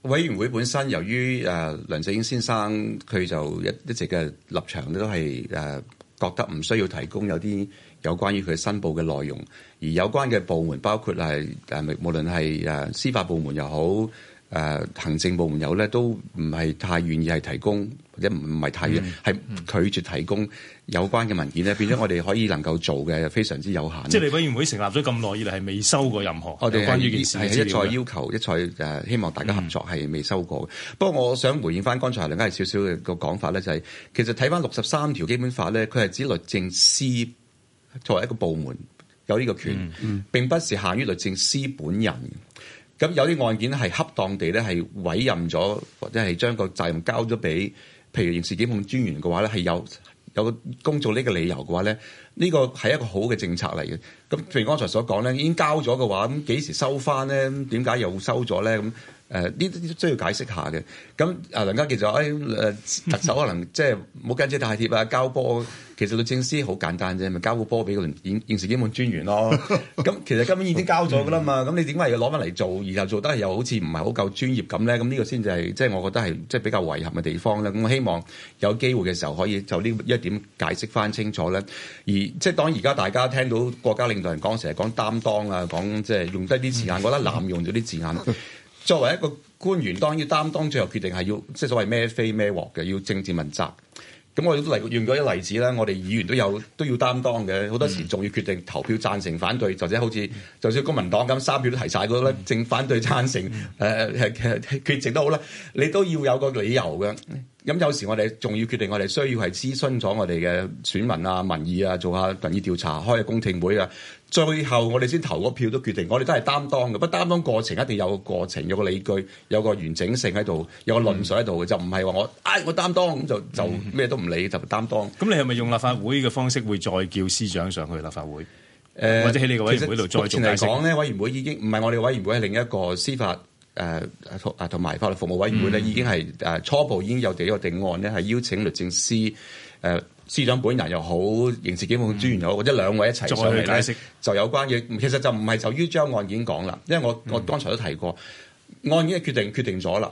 委員會本身由於誒、啊、梁振英先生佢就一一直嘅立場咧，都係誒覺得唔需要提供有啲有關於佢申報嘅內容，而有關嘅部門包括係誒、啊、無論係誒、啊、司法部門又好。誒、呃、行政部門有咧，都唔係太願意係提供，或者唔係太願係、嗯、拒絕提供有關嘅文件咧，變咗我哋可以能夠做嘅非常之有限。即係立法會成立咗咁耐以嚟，係未收過任何我哋關於件事嘅一再要求，一再、啊、希望大家合作係未收過。嗯、不過我想回應翻剛才梁家傑少少嘅個講法咧，就係、是、其實睇翻六十三條基本法咧，佢係指律政司作為一個部門有呢個權，嗯嗯、並不是限於律政司本人。咁有啲案件係恰當地咧，係委任咗或者係將個責任交咗俾，譬如刑事檢控專員嘅話咧，係有有工作呢個理由嘅話咧，呢、這個係一個好嘅政策嚟嘅。咁譬如剛才所講咧，已經交咗嘅話，咁幾時收翻咧？點解又收咗咧？咁呢啲需要解釋下嘅。咁啊梁家傑就誒、哎呃、 特首可能即係冇跟住大鐵啊交波。其實律政司好簡單啫，咪交個波俾個刑事檢控專員咯。咁 其實根本已經交咗噶啦嘛。咁 你點解要攞翻嚟做，而又做得又好似唔係好夠專業咁咧？咁呢個先至係即係我覺得係即係比較遺憾嘅地方咧。咁我希望有機會嘅時候可以就呢一點解釋翻清楚咧。而即係、就是、當而家大家聽到國家領導人講成日講擔當啊，講即係用低啲字眼，覺得濫用咗啲字眼。 作為一個官員，當然要擔當，最後決定係要即係、就是、所謂孭飛孭鑊嘅，要政治問責。咁我哋都例用一啲例子啦，我哋議員都有都要擔當嘅，好多時仲要決定投票贊成、反對，或者好似就算公民黨咁三票都提晒嗰咧，嗯、正反對贊成誒誒、呃呃、決絕都好啦，你都要有個理由嘅。咁有時我哋仲要決定，我哋需要係諮詢咗我哋嘅選民啊民意啊，做下民意調查，開下公聽會啊。最後我哋先投個票都決定，我哋都係擔當嘅，不擔當過程一定有個過程，有個理據，有個完整性喺度，有個論述喺度嘅，嗯、就唔係話我啊、哎、我擔當就就咩都唔理就擔當。咁、嗯、你係咪用立法會嘅方式會再叫司長上去立法會？呃、或者喺你個委員會度再做？之前嚟講咧，委員會已經唔係我哋委員會，係另一個司法啊同埋法律服務委員會咧，已經係、嗯、初步已經有第一個定案咧，係邀請律政司誒。呃司長本人又好，刑事檢控專員又好，或者、嗯、兩位一齊上嚟解釋，就有關嘅。其實就唔係就於將案件講啦，因為我、嗯、我剛才都提過，案件嘅決定決定咗啦。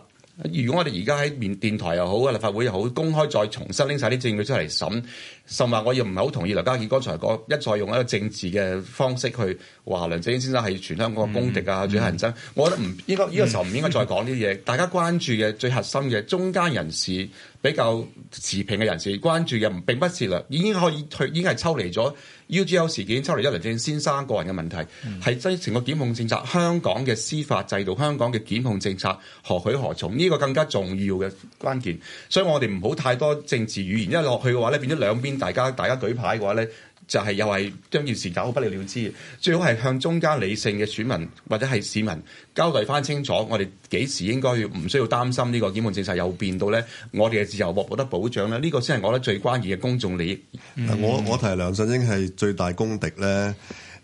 如果我哋而家喺電台又好，立法會又好，公開再重新拎曬啲證據出嚟審，甚或我又唔係好同意梁家傑剛才講，一再用一個政治嘅方式去話梁振英先生係全香港嘅公敵啊，最乞人憎。嗯、我覺得唔應該、呢個時候唔應該再講啲嘢。嗯、大家關注嘅 最核心嘅中間人士。比較持平嘅人士關注嘅，並不是啦，已經可以已經係抽離咗 UGL 事件，抽離咗梁振先生個人嘅問題，係整個檢控政策，香港嘅司法制度，香港嘅檢控政策何去何從？呢個更加重要嘅關鍵，所以我哋唔好太多政治語言，因為落去嘅話咧，變咗兩邊大家大家舉牌嘅話咧。就係又係將件事搞不了了之，最好係向中間理性嘅選民或者係市民交代翻清楚，我哋幾時應該要唔需要擔心呢個檢控政策有變到咧，我哋嘅自由獲唔獲得保障咧？呢、這個先係我覺得最關鍵嘅公眾利益。嗯、我我提梁振英係最大公敵咧，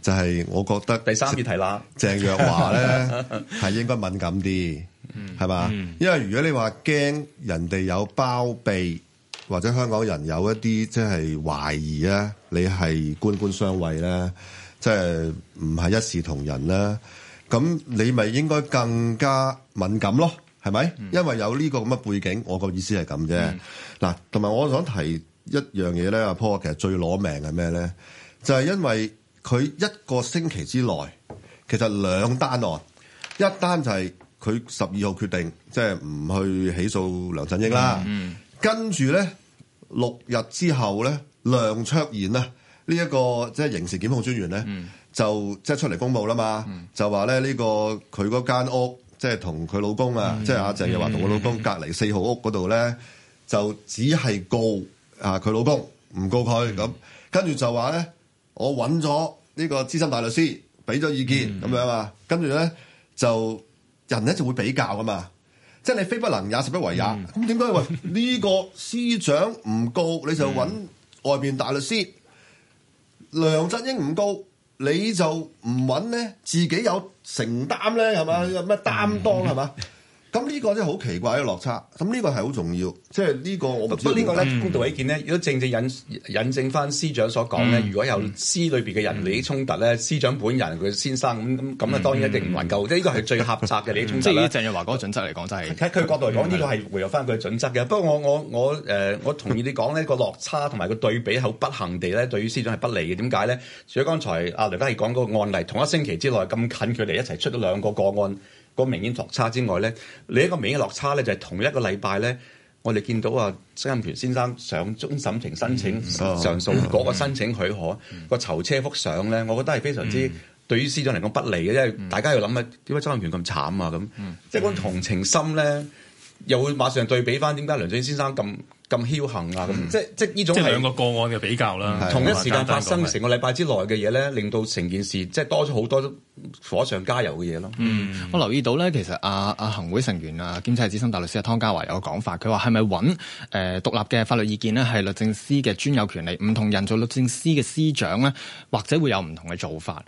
就係、是、我覺得第三次提啦，鄭若驊咧係應該敏感啲，係嘛？嗯、因為如果你話驚人哋有包庇。或者香港人有一啲即係懷疑咧，你係官官相衛咧，即係唔係一視同仁啦，咁你咪應該更加敏感咯，係咪？因為有呢個咁嘅背景，我個意思係咁啫。嗱，嗯，同埋我想提一樣嘢咧，阿 Po 其實最攞命係咩咧？就係、是、因為佢一個星期之內，其實兩單案，一單就係佢十二號決定即係唔去起訴梁振英啦。嗯嗯跟住咧六日之後咧，梁卓然啊呢一個即係刑事檢控專員咧，嗯、就即係出嚟公佈啦嘛，嗯、就話咧呢、這個佢嗰間屋即係同佢老公啊，嗯、即係阿鄭又話同佢老公隔離四號屋嗰度咧，就只係告啊佢老公，唔告佢咁、嗯。跟住就話咧，我揾咗呢個資深大律師，俾咗意見咁、嗯、樣啊。跟住咧就人咧就會比較噶嘛。即係你非不能也，實不為也。咁點解喂？呢、呢個司長唔告你就揾外邊大律師，梁振英唔告你就唔揾咧？自己有承擔咧係嘛？有咩擔當係嘛？嗯咁呢個真係好奇怪嘅落差，咁呢個係好重要，即係呢個我。不過呢個咧，公道起見咧，如果正正引引證翻司長所講咧，如果有司裏邊嘅人利益衝突咧，司長本人佢先生咁咁咁啊，當然一定唔能夠，即呢個係最狹窄嘅利益衝突。即係以鄭若驊嗰個準則嚟講，真係喺佢角度嚟講，呢個係符合翻佢嘅準則嘅。不過我我我誒，我同意你講呢個落差同埋個對比好不幸地咧，對於司長係不利嘅。點解咧？除咗剛才阿黎家毅講嗰個案例，同一星期之內咁近，佢哋一齊出咗兩個個案。個明顯落差之外咧，另一個明顯落差咧，就係、是、同一個禮拜咧，我哋見到啊曾蔭權先生上終審庭申請上訴嗰、嗯嗯、個申請許可、嗯、個囚車幅相咧，我覺得係非常之、嗯、對於司長嚟講不利嘅，因為大家要諗下點解曾蔭權咁慘啊咁，即係嗰同情心咧。嗯嗯又會馬上對比翻點解梁振英先生咁咁僥倖啊？咁、嗯、即即呢種即兩個個案嘅比較啦，同一時間發生成個禮拜之內嘅嘢咧，令到成件事即多咗好多火上加油嘅嘢咯。嗯，我留意到咧，其實阿阿、啊、行會成員啊，兼職資深大律師啊，湯家驊有個講法，佢話係咪揾誒獨立嘅法律意見咧？係律政司嘅專有權利，唔同人做律政司嘅司長咧，或者會有唔同嘅做法。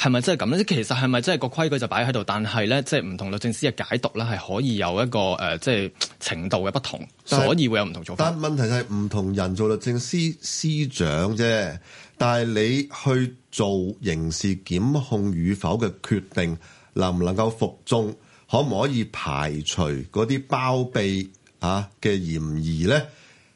係咪真係咁咧？即其實係咪真係個規矩就擺喺度？但係咧，即係唔同律政司嘅解讀咧，係可以有一個誒，即係程度嘅不同，所以會有唔同做法。但問題就係唔同人做律政司司長啫。但係你去做刑事檢控與否嘅決定，能唔能夠服眾，可唔可以排除嗰啲包庇啊嘅嫌疑咧？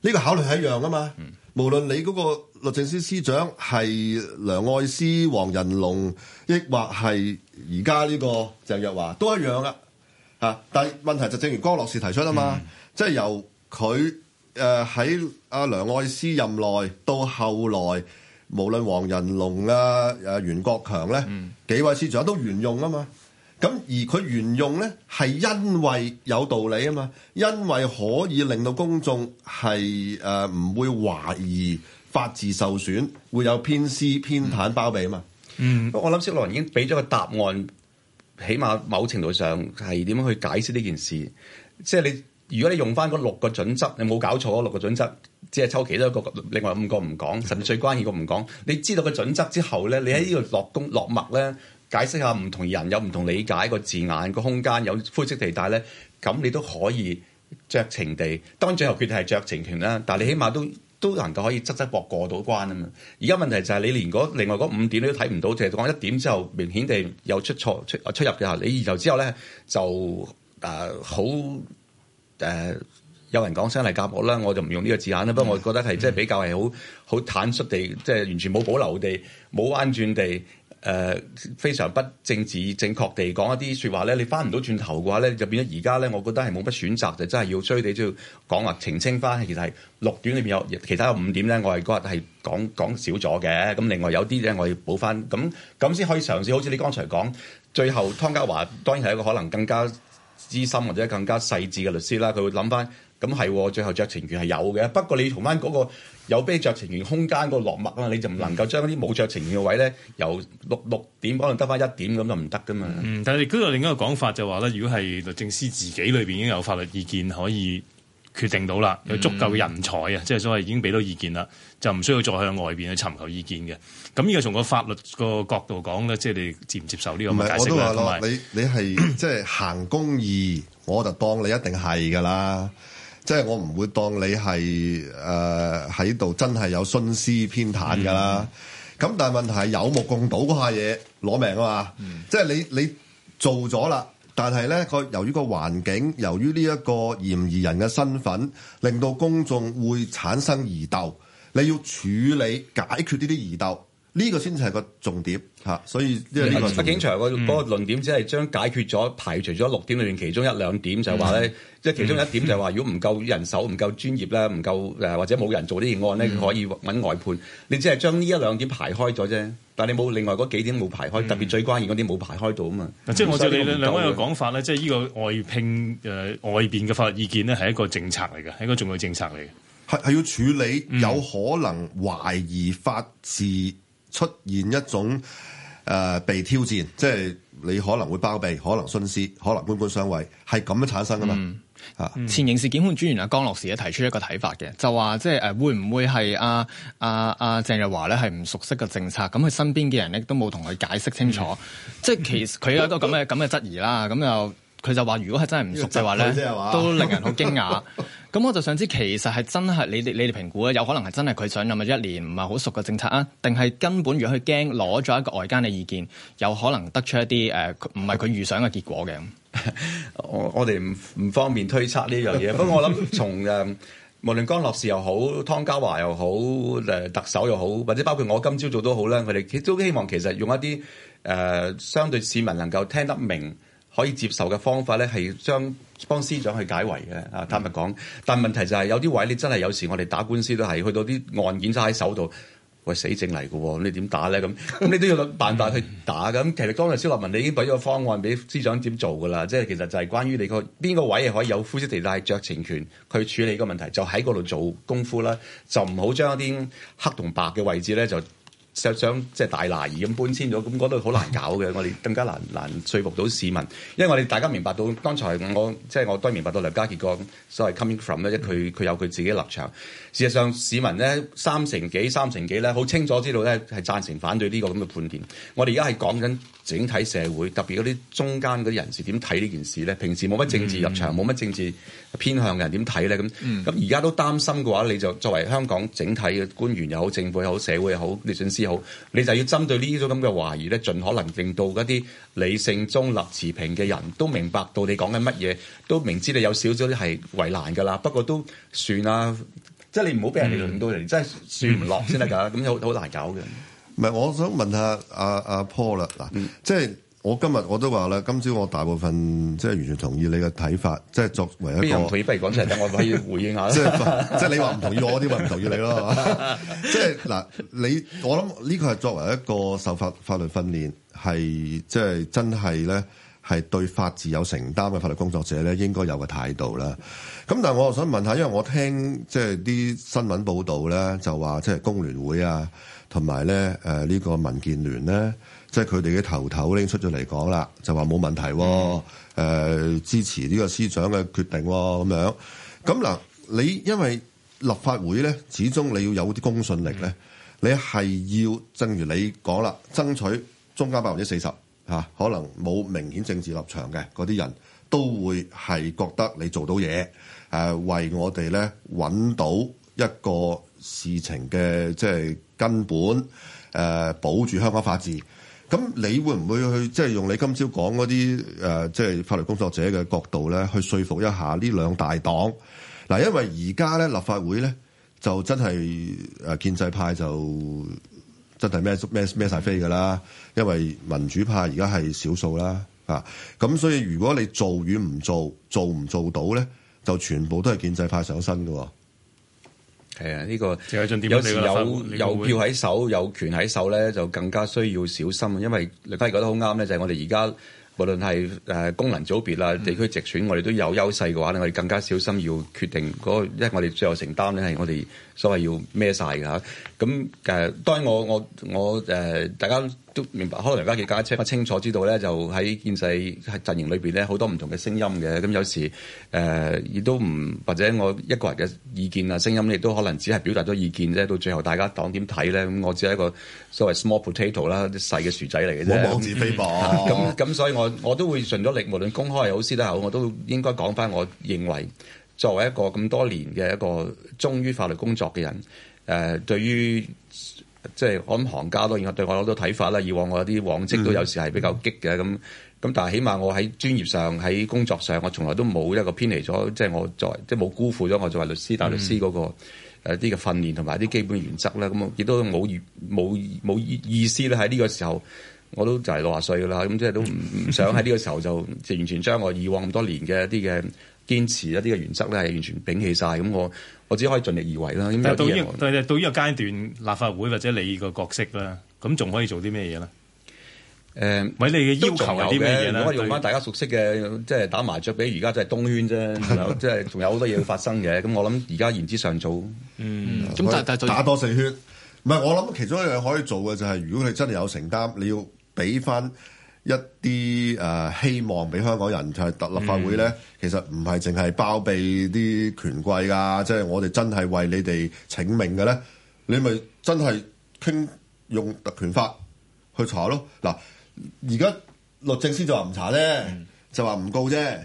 呢個考慮係一樣啊嘛。嗯、無論你嗰個。律政司司長係梁愛詩、黃仁龍，抑或係而家呢個鄭若驊，都一樣啦。但係問題就正如江樂士提出啦嘛，嗯、即係由佢誒喺阿梁愛詩任內到後來，無論黃仁龍啊、誒、啊、袁國強咧，嗯、幾位司長都沿用啊嘛。咁而佢沿用咧，係因為有道理啊嘛，因為可以令到公眾係誒唔會懷疑。法治受損，會有偏私、偏袒、包庇啊嘛。嗯，嗯我諗色狼已經俾咗個答案，起碼某程度上係點樣去解釋呢件事。即係你，如果你用翻嗰六個準則，你冇搞錯六個準則，只係抽其中一個，另外五個唔講，甚至最關鍵一個唔講。你知道個準則之後咧，你喺呢度落功落墨咧，解釋下唔同人有唔同理解、個字眼、個空間有灰色地帶咧，咁你都可以酌情地。當然最後決定係酌情權啦，但係你起碼都。都能夠可以側側膊過到關啊嘛。而家問題就係你連另外嗰五點都睇唔到，就係講一點之後明顯地有出錯出出入嘅嚇，你然後之後咧就誒好誒有人講聲嚟夾我啦，我就唔用呢個字眼啦。嗯、不過我覺得係即係比較係好好坦率地，即係完全冇保留地、冇彎轉地。誒、呃、非常不政治正確地講一啲說話咧，你翻唔到轉頭嘅話咧，就變咗而家咧，我覺得係冇乜選擇，就真係要追你，就要講話澄清翻。其實係六點裏面有其他五點咧，我係嗰日係講講少咗嘅。咁另外有啲咧，我要補翻，咁咁先可以嘗試。好似你剛才講，最後湯家驊當然係一個可能更加資深或者更加細緻嘅律師啦，佢會諗翻。咁係、啊、最後酌情權係有嘅，不過你同翻嗰個。有悲酌情緣的空間個落墨啊，你就唔能夠將啲冇酌情緣嘅位咧，由六六點可能得翻一點，咁就唔得噶嘛。嗯，但係亦都有另一個講法就話咧，如果係律政司自己裏邊已經有法律意見可以決定到啦，有足夠嘅人才啊，嗯、即係所謂已經俾到意見啦，就唔需要再向外邊去尋求意見嘅。咁呢個從個法律個角度講咧，即係你接唔接受呢個咁嘅解釋是有你你係即係行公義，我就當你一定係噶啦。即係我唔會當你係誒喺度真係有徇私偏袒㗎啦。咁、嗯、但係問題係有目共睹嗰下嘢攞命啊嘛。嗯、即係你你做咗啦，但係咧佢由於個環境，由於呢一個嫌疑人嘅身份，令到公眾會產生疑竇。你要處理解決呢啲疑竇。呢個先至係個重點嚇，所以畢竟長個嗰個論點,、那個、點只係將解決咗排除咗六點裏面其中一兩點就，就係話咧，即係其中一點就係話，如果唔夠人手、唔夠專業咧，唔夠誒或者冇人做啲案咧， 可以揾外判。你只係將呢一兩點排開咗啫，但係你冇另外嗰幾點冇排開， 特別最關鍵嗰啲冇排開到啊嘛。即係按照你兩位嘅講法咧，即係呢個外聘誒、呃、外邊嘅法律意見咧，係一個政策嚟嘅，係一個重要政策嚟嘅。係係要處理有可能懷疑法治。 嗯出現一種誒、呃、被挑戰，即係你可能會包庇，可能徇私，可能官官相衛，係咁樣產生噶嘛？嗯、啊，前刑事檢控專員啊，江樂士咧提出一個睇法嘅，就話即係誒會唔會係阿阿阿鄭日華咧係唔熟悉嘅政策，咁佢身邊嘅人咧都冇同佢解釋清楚，嗯、即係其實佢有一個咁嘅咁嘅質疑啦，咁又。佢就話，話：如果係真係唔熟嘅話咧，都令人好驚訝。咁 我就想知，其實係真係你哋你哋評估咧，有可能係真係佢想諗咪一年唔係好熟嘅政策啊？定係根本如果佢驚攞咗一個外間嘅意見，有可能得出一啲誒唔係佢預想嘅結果嘅？ 我我哋唔唔方便推測呢樣嘢。不過 我諗從誒、呃，無論江樂士又好，湯家驊又好，誒、呃、特首又好，或者包括我今朝做都好啦，佢哋都希望其實用一啲誒、呃、相對市民能夠聽得明，可以接受嘅方法咧，係將幫司長去解圍嘅啊。坦白講，但問題就係有啲位你真係有時我哋打官司都係去到啲案件揸喺手度，喂死證嚟嘅喎，你點打咧咁？咁你都要諗辦法去打㗎 其實當日蕭洛汶你已經俾咗個方案俾司長點做㗎啦。即係其實就係關於你、個邊個位係可以有灰色地帶酌情權去處理個問題，就喺嗰度做功夫啦，就唔好將一啲黑同白嘅位置咧就。就想即係大拿兒咁搬遷咗，咁嗰度好難搞嘅，我哋更加難難說服到市民，因為我哋大家明白到，剛才我即係我都明白到梁家傑嘅所謂 coming from 咧，即佢佢有佢自己嘅立場。事實上市民咧三成幾三成幾咧，好清楚知道咧係贊成反對呢個咁嘅判斷。我哋而家係講緊。整體社會特別嗰啲中間嗰啲人士點睇呢件事咧？平時冇乜政治立場，冇乜、mm. 政治偏向嘅人點睇咧？咁咁而家都擔心嘅話，你就作為香港整體嘅官員又好，政府又好，社會又好，律政司好，你就要針對呢種咁嘅懷疑咧，盡可能令到一啲理性中立持平嘅人都明白到你講緊乜嘢，都明知你有少少啲係為難㗎啦。不過都算啦，即係你唔好俾人哋諗到，mm. 你真係算唔落先得㗎。咁有好難搞嘅。唔係，我想問下阿阿、啊啊、Paul 啦，嗱、嗯，即係我今日我都話啦，今朝我大部分即係完全同意你嘅睇法，即係作為一個唔同意，不如講出嚟，等 我可以回應下啦。即係作 即你話唔同意我，啲話唔同意你咯？即係嗱，你我諗呢個係作為一個受法法律訓練，係即係真係咧，係對法治有承擔嘅法律工作者咧，應該有嘅態度啦。咁但係我又想問下，因為我聽即係啲新聞報導咧，就話即係工聯會啊。同埋咧，呢、呃呢個民建聯咧，即係佢哋嘅頭頭拎出咗嚟講啦，就話冇問題、哦，喎、呃，支持呢個司長嘅決定咁、哦、樣。咁嗱，你因為立法會咧，始終你要有啲公信力咧，你係要正如你講啦，爭取中間百分之四十吓可能冇明顯政治立場嘅嗰啲人都會係覺得你做到嘢，誒、啊、為我哋咧揾到一個事情嘅即係。根本誒、呃、保住香港法治，咁你會唔會去即係用你今朝講嗰啲誒，即係法律工作者嘅角度咧，去說服一下呢兩大黨？嗱、啊，因為而家咧立法會咧就真係誒、啊、建制派就真係孭孭孭晒飛㗎喇，因為民主派而家係少數啦啊，咁所以如果你做與唔做，做唔做到咧，就全部都係建制派上身喎、哦。係啊，呢、這個有時有有票喺手、有權喺手咧，就更加需要小心。因為梁家傑講得好啱咧，就係、是、我哋而家無論係誒功能組別啦、地區直選，我哋都有優勢嘅話咧，我哋更加小心要決定嗰個，因為我哋最後承擔咧係我哋所謂要孭晒㗎。咁誒，當然我我我誒、呃、大家。都明白，可能梁傑家姐比較清楚知道咧，就喺建制喺陣營裏邊咧，好多唔同嘅聲音嘅。咁有時誒，亦、呃、都唔或者我一個人嘅意見啊、聲音亦都可能只係表達咗意見啫。到最後大家黨點睇咧？咁我只係一個所謂 small potato 啦，啲細嘅薯仔嚟嘅啫。妄自菲薄。咁咁、嗯，所以我我都會盡咗力，無論公開又好私底下，我都應該講翻我認為，作為一個咁多年嘅一個忠於法律工作嘅人，誒、呃、對於。即係我諗行家當然對我有好多睇法啦。以往我有啲往績都有時係比較激嘅咁咁，嗯、但係起碼我喺專業上喺工作上，我從來都冇一個偏離咗，即係我作為即係冇辜負咗我作為律師大律師嗰個啲嘅訓練同埋啲基本原則啦。咁亦、嗯、都冇意冇冇意思啦喺呢個時候，我都就係六十歲噶啦，咁即係都唔唔想喺呢個時候就完全將我以往咁多年嘅一啲嘅。堅持一啲嘅原則咧，係完全摒棄晒，咁。我我只可以盡力而為啦。到依個到依個階段，立法會或者你個角色啦，咁仲可以做啲咩嘢咧？誒、呃，咪你嘅要求係有啲咩嘢咧？可以用翻大家熟悉嘅，即係對打麻雀，俾而家即係東圈啫。即係仲有好多嘢發生嘅。咁我諗而家言之尚早。嗯，咁、嗯、打多四圈，唔係、嗯、我諗其中一樣可以做嘅就係、是，如果你真係有承擔，你要俾翻。一啲誒、呃、希望俾香港人就係、是、特立法會咧，嗯、其實唔係淨係包庇啲權貴噶，即、就、係、是、我哋真係為你哋請命嘅咧，你咪真係傾用特權法去查咯。嗱，而家律政司就話唔查咧，就話唔告啫。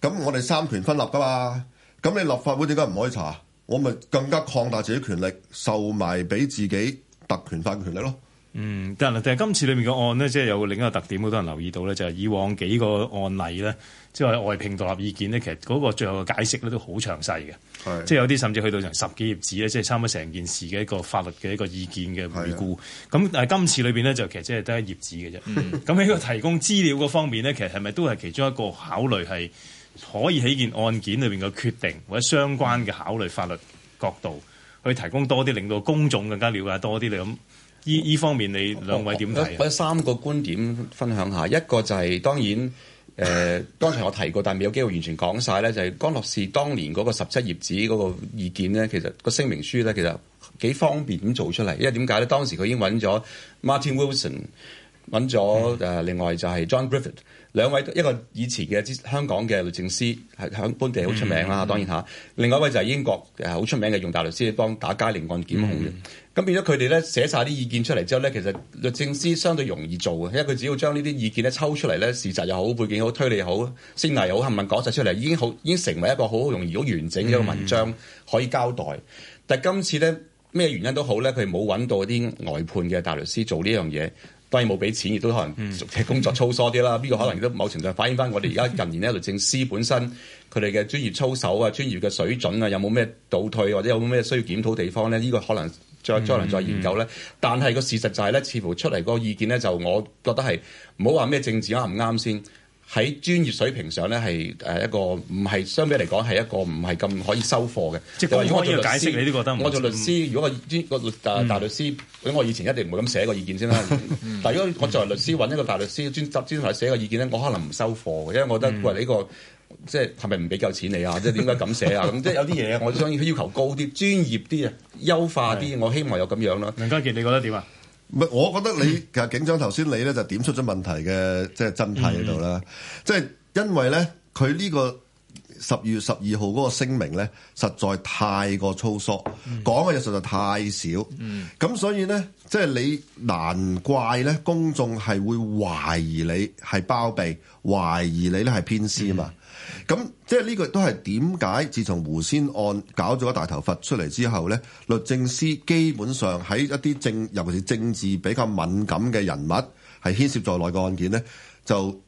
咁我哋三權分立噶嘛，咁你立法會點解唔可以查？我咪更加擴大自己的權力，售賣俾自己特權法嘅權力咯。嗯，但係，但係今次裏面嘅案呢，即係有另一個特點，好多人留意到咧，就係以往幾個案例咧，即係外聘獨立意見呢，其實嗰個最後嘅解釋咧都好詳細嘅，是的 即係有啲甚至去到成十幾頁紙咧，即係差唔多成件事嘅一個法律嘅一個意見嘅回顧。咁是的 但係今次裏面呢，就其實即係得一頁紙嘅啫。咁喺個提供資料嗰方面呢，其實係咪都係其中一個考慮係可以喺件案件裏面嘅決定或者相關嘅考慮法律角度去提供多啲，令到公眾更加了解多啲？你咁？呢方面你兩位點睇？我有三個觀點分享一下，一個就係、是、當然，誒、呃，剛才我提過，但係未有機會完全講晒。咧，就係、是、江樂士當年嗰個十七頁紙嗰個意見咧，其實、那個聲明書咧，其實幾方便咁做出嚟，因為點解咧？當時佢已經揾咗 Martin Wilson，揾咗、嗯、另外就係 John Griffith 兩位，一個以前嘅香港嘅律政司，係響本地好出名啦，嗯、當然下、嗯、另外一位就係英國誒好出名嘅用大律師幫打佳寧案檢控嘅。嗯咁變咗佢哋咧寫晒啲意見出嚟之後咧，其實律政司相對容易做嘅，因為佢只要將呢啲意見咧抽出嚟咧，事實又好，背景好，推理好，先例又好，冚唪唥講晒出嚟，已經好已經成為一個好容易好完整嘅文章可以交代。Mm hmm. 但係今次咧咩原因都好咧，佢冇揾到啲外判嘅大律師做呢樣嘢，當然冇俾錢，亦都可能工作粗疏啲啦。呢、mm hmm. 個可能亦都某程度上反映翻我哋而家近年咧律政司本身佢哋嘅專業操守啊、專業嘅水準啊，有冇咩倒退或者有冇咩需要檢討地方咧？呢、這個可能。再再能再研究咧，嗯、但係個事實就係、是、咧，似乎出嚟個意見咧，就我覺得係唔好話咩政治啱唔啱先，喺專業水平上咧係一個唔係相比嚟講係一個唔係咁可以收貨嘅。即係如果我做律師，你都覺得唔？我做律師，如果我大，大律師咁、嗯、我以前一定唔會咁寫個意見先啦。嗯、但如果我作為律師搵一個大律師專專門寫個意見咧，我可能唔收貨嘅，因為我覺得話呢、嗯這個。即係係咪唔俾夠錢你啊？即係點解咁寫啊？咁即係有啲嘢 我想要求高啲、專業啲啊、優化啲。的我希望有咁樣啦。梁家傑，你覺得點啊？唔係，我覺得你、嗯、其實警長頭先你咧就點出咗問題嘅，即係真態喺度啦。即係、嗯、因為咧，佢呢個十月十二號嗰個聲明咧，實在太過粗疏，講嘅嘢實在太少。咁、嗯、所以咧，即係你難怪咧，公眾係會懷疑你係包庇，懷疑你咧係偏私啊嘛。嗯咁即係呢個都係點解？自從胡仙案搞咗大頭佛出嚟之後呢律政司基本上喺一啲政，尤其是政治比較敏感嘅人物係牽涉在內嘅案件呢就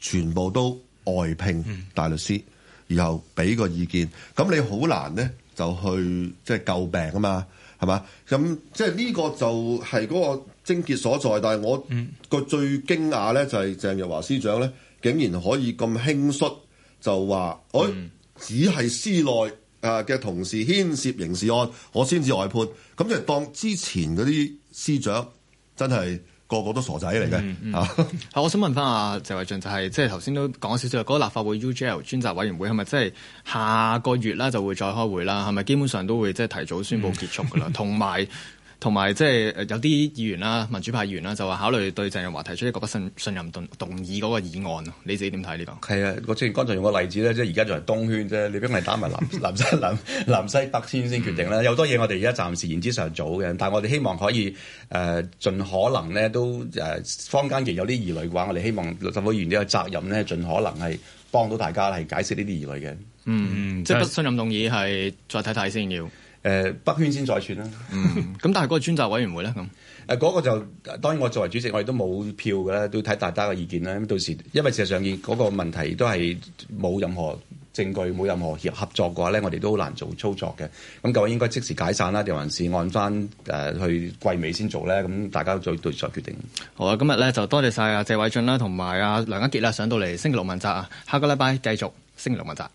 全部都外聘大律師，然後俾個意見。咁你好難呢就去即係救病啊嘛，係嘛？咁即係呢個就係嗰個症結所在。但係我個最驚訝呢，就係、是、鄭若驊司長呢，竟然可以咁輕率。就話我只係司內啊嘅同事牽涉刑事案，嗯、我先至外判，咁就當之前嗰啲司長真係個個都傻仔嚟嘅。我想問翻阿謝偉俊，就係、係、即係頭先都講少少，嗰、嗰個、立法會 UGL 專責委員會係咪即係下個月啦就會再開會啦？係咪基本上都會即係提早宣布結束㗎啦？同埋、嗯。同埋即係誒有啲議員啦，民主派議員啦，就話考慮對鄭若驊提出一個不信信任動動議嗰個議案，你自己點睇呢個？係啊，我之前剛才用個例子咧，即係而家就係東圈啫，你不如打埋南 南西南南西北天先決定啦。嗯、有多嘢我哋而家暫時言之尚早嘅，但係我哋希望可以誒、呃、盡可能咧都誒，坊間亦有啲疑慮嘅話，我哋希望立法會議員呢個責任咧盡可能係幫到大家係解釋呢啲疑慮嘅。嗯，嗯即係不信任動議係再睇睇先要。誒北圈先再算啦。嗯，咁但係嗰個專責委員會咧，咁嗰個就當然我作為主席，我亦都冇票嘅啦，都要睇大家嘅意見啦，咁到時因為事實上見嗰、嗰個問題都係冇任何證據，冇任何協合作嘅話咧，我哋都好難做操作嘅。咁究竟應該即時解散啦，定還是按翻、呃、去季尾先做咧？咁大家再對再決定。好啊，今日咧就多謝晒啊，謝偉俊啦，同埋啊梁家傑啦上到嚟，星期六問責啊，下個禮拜繼續星期六問責。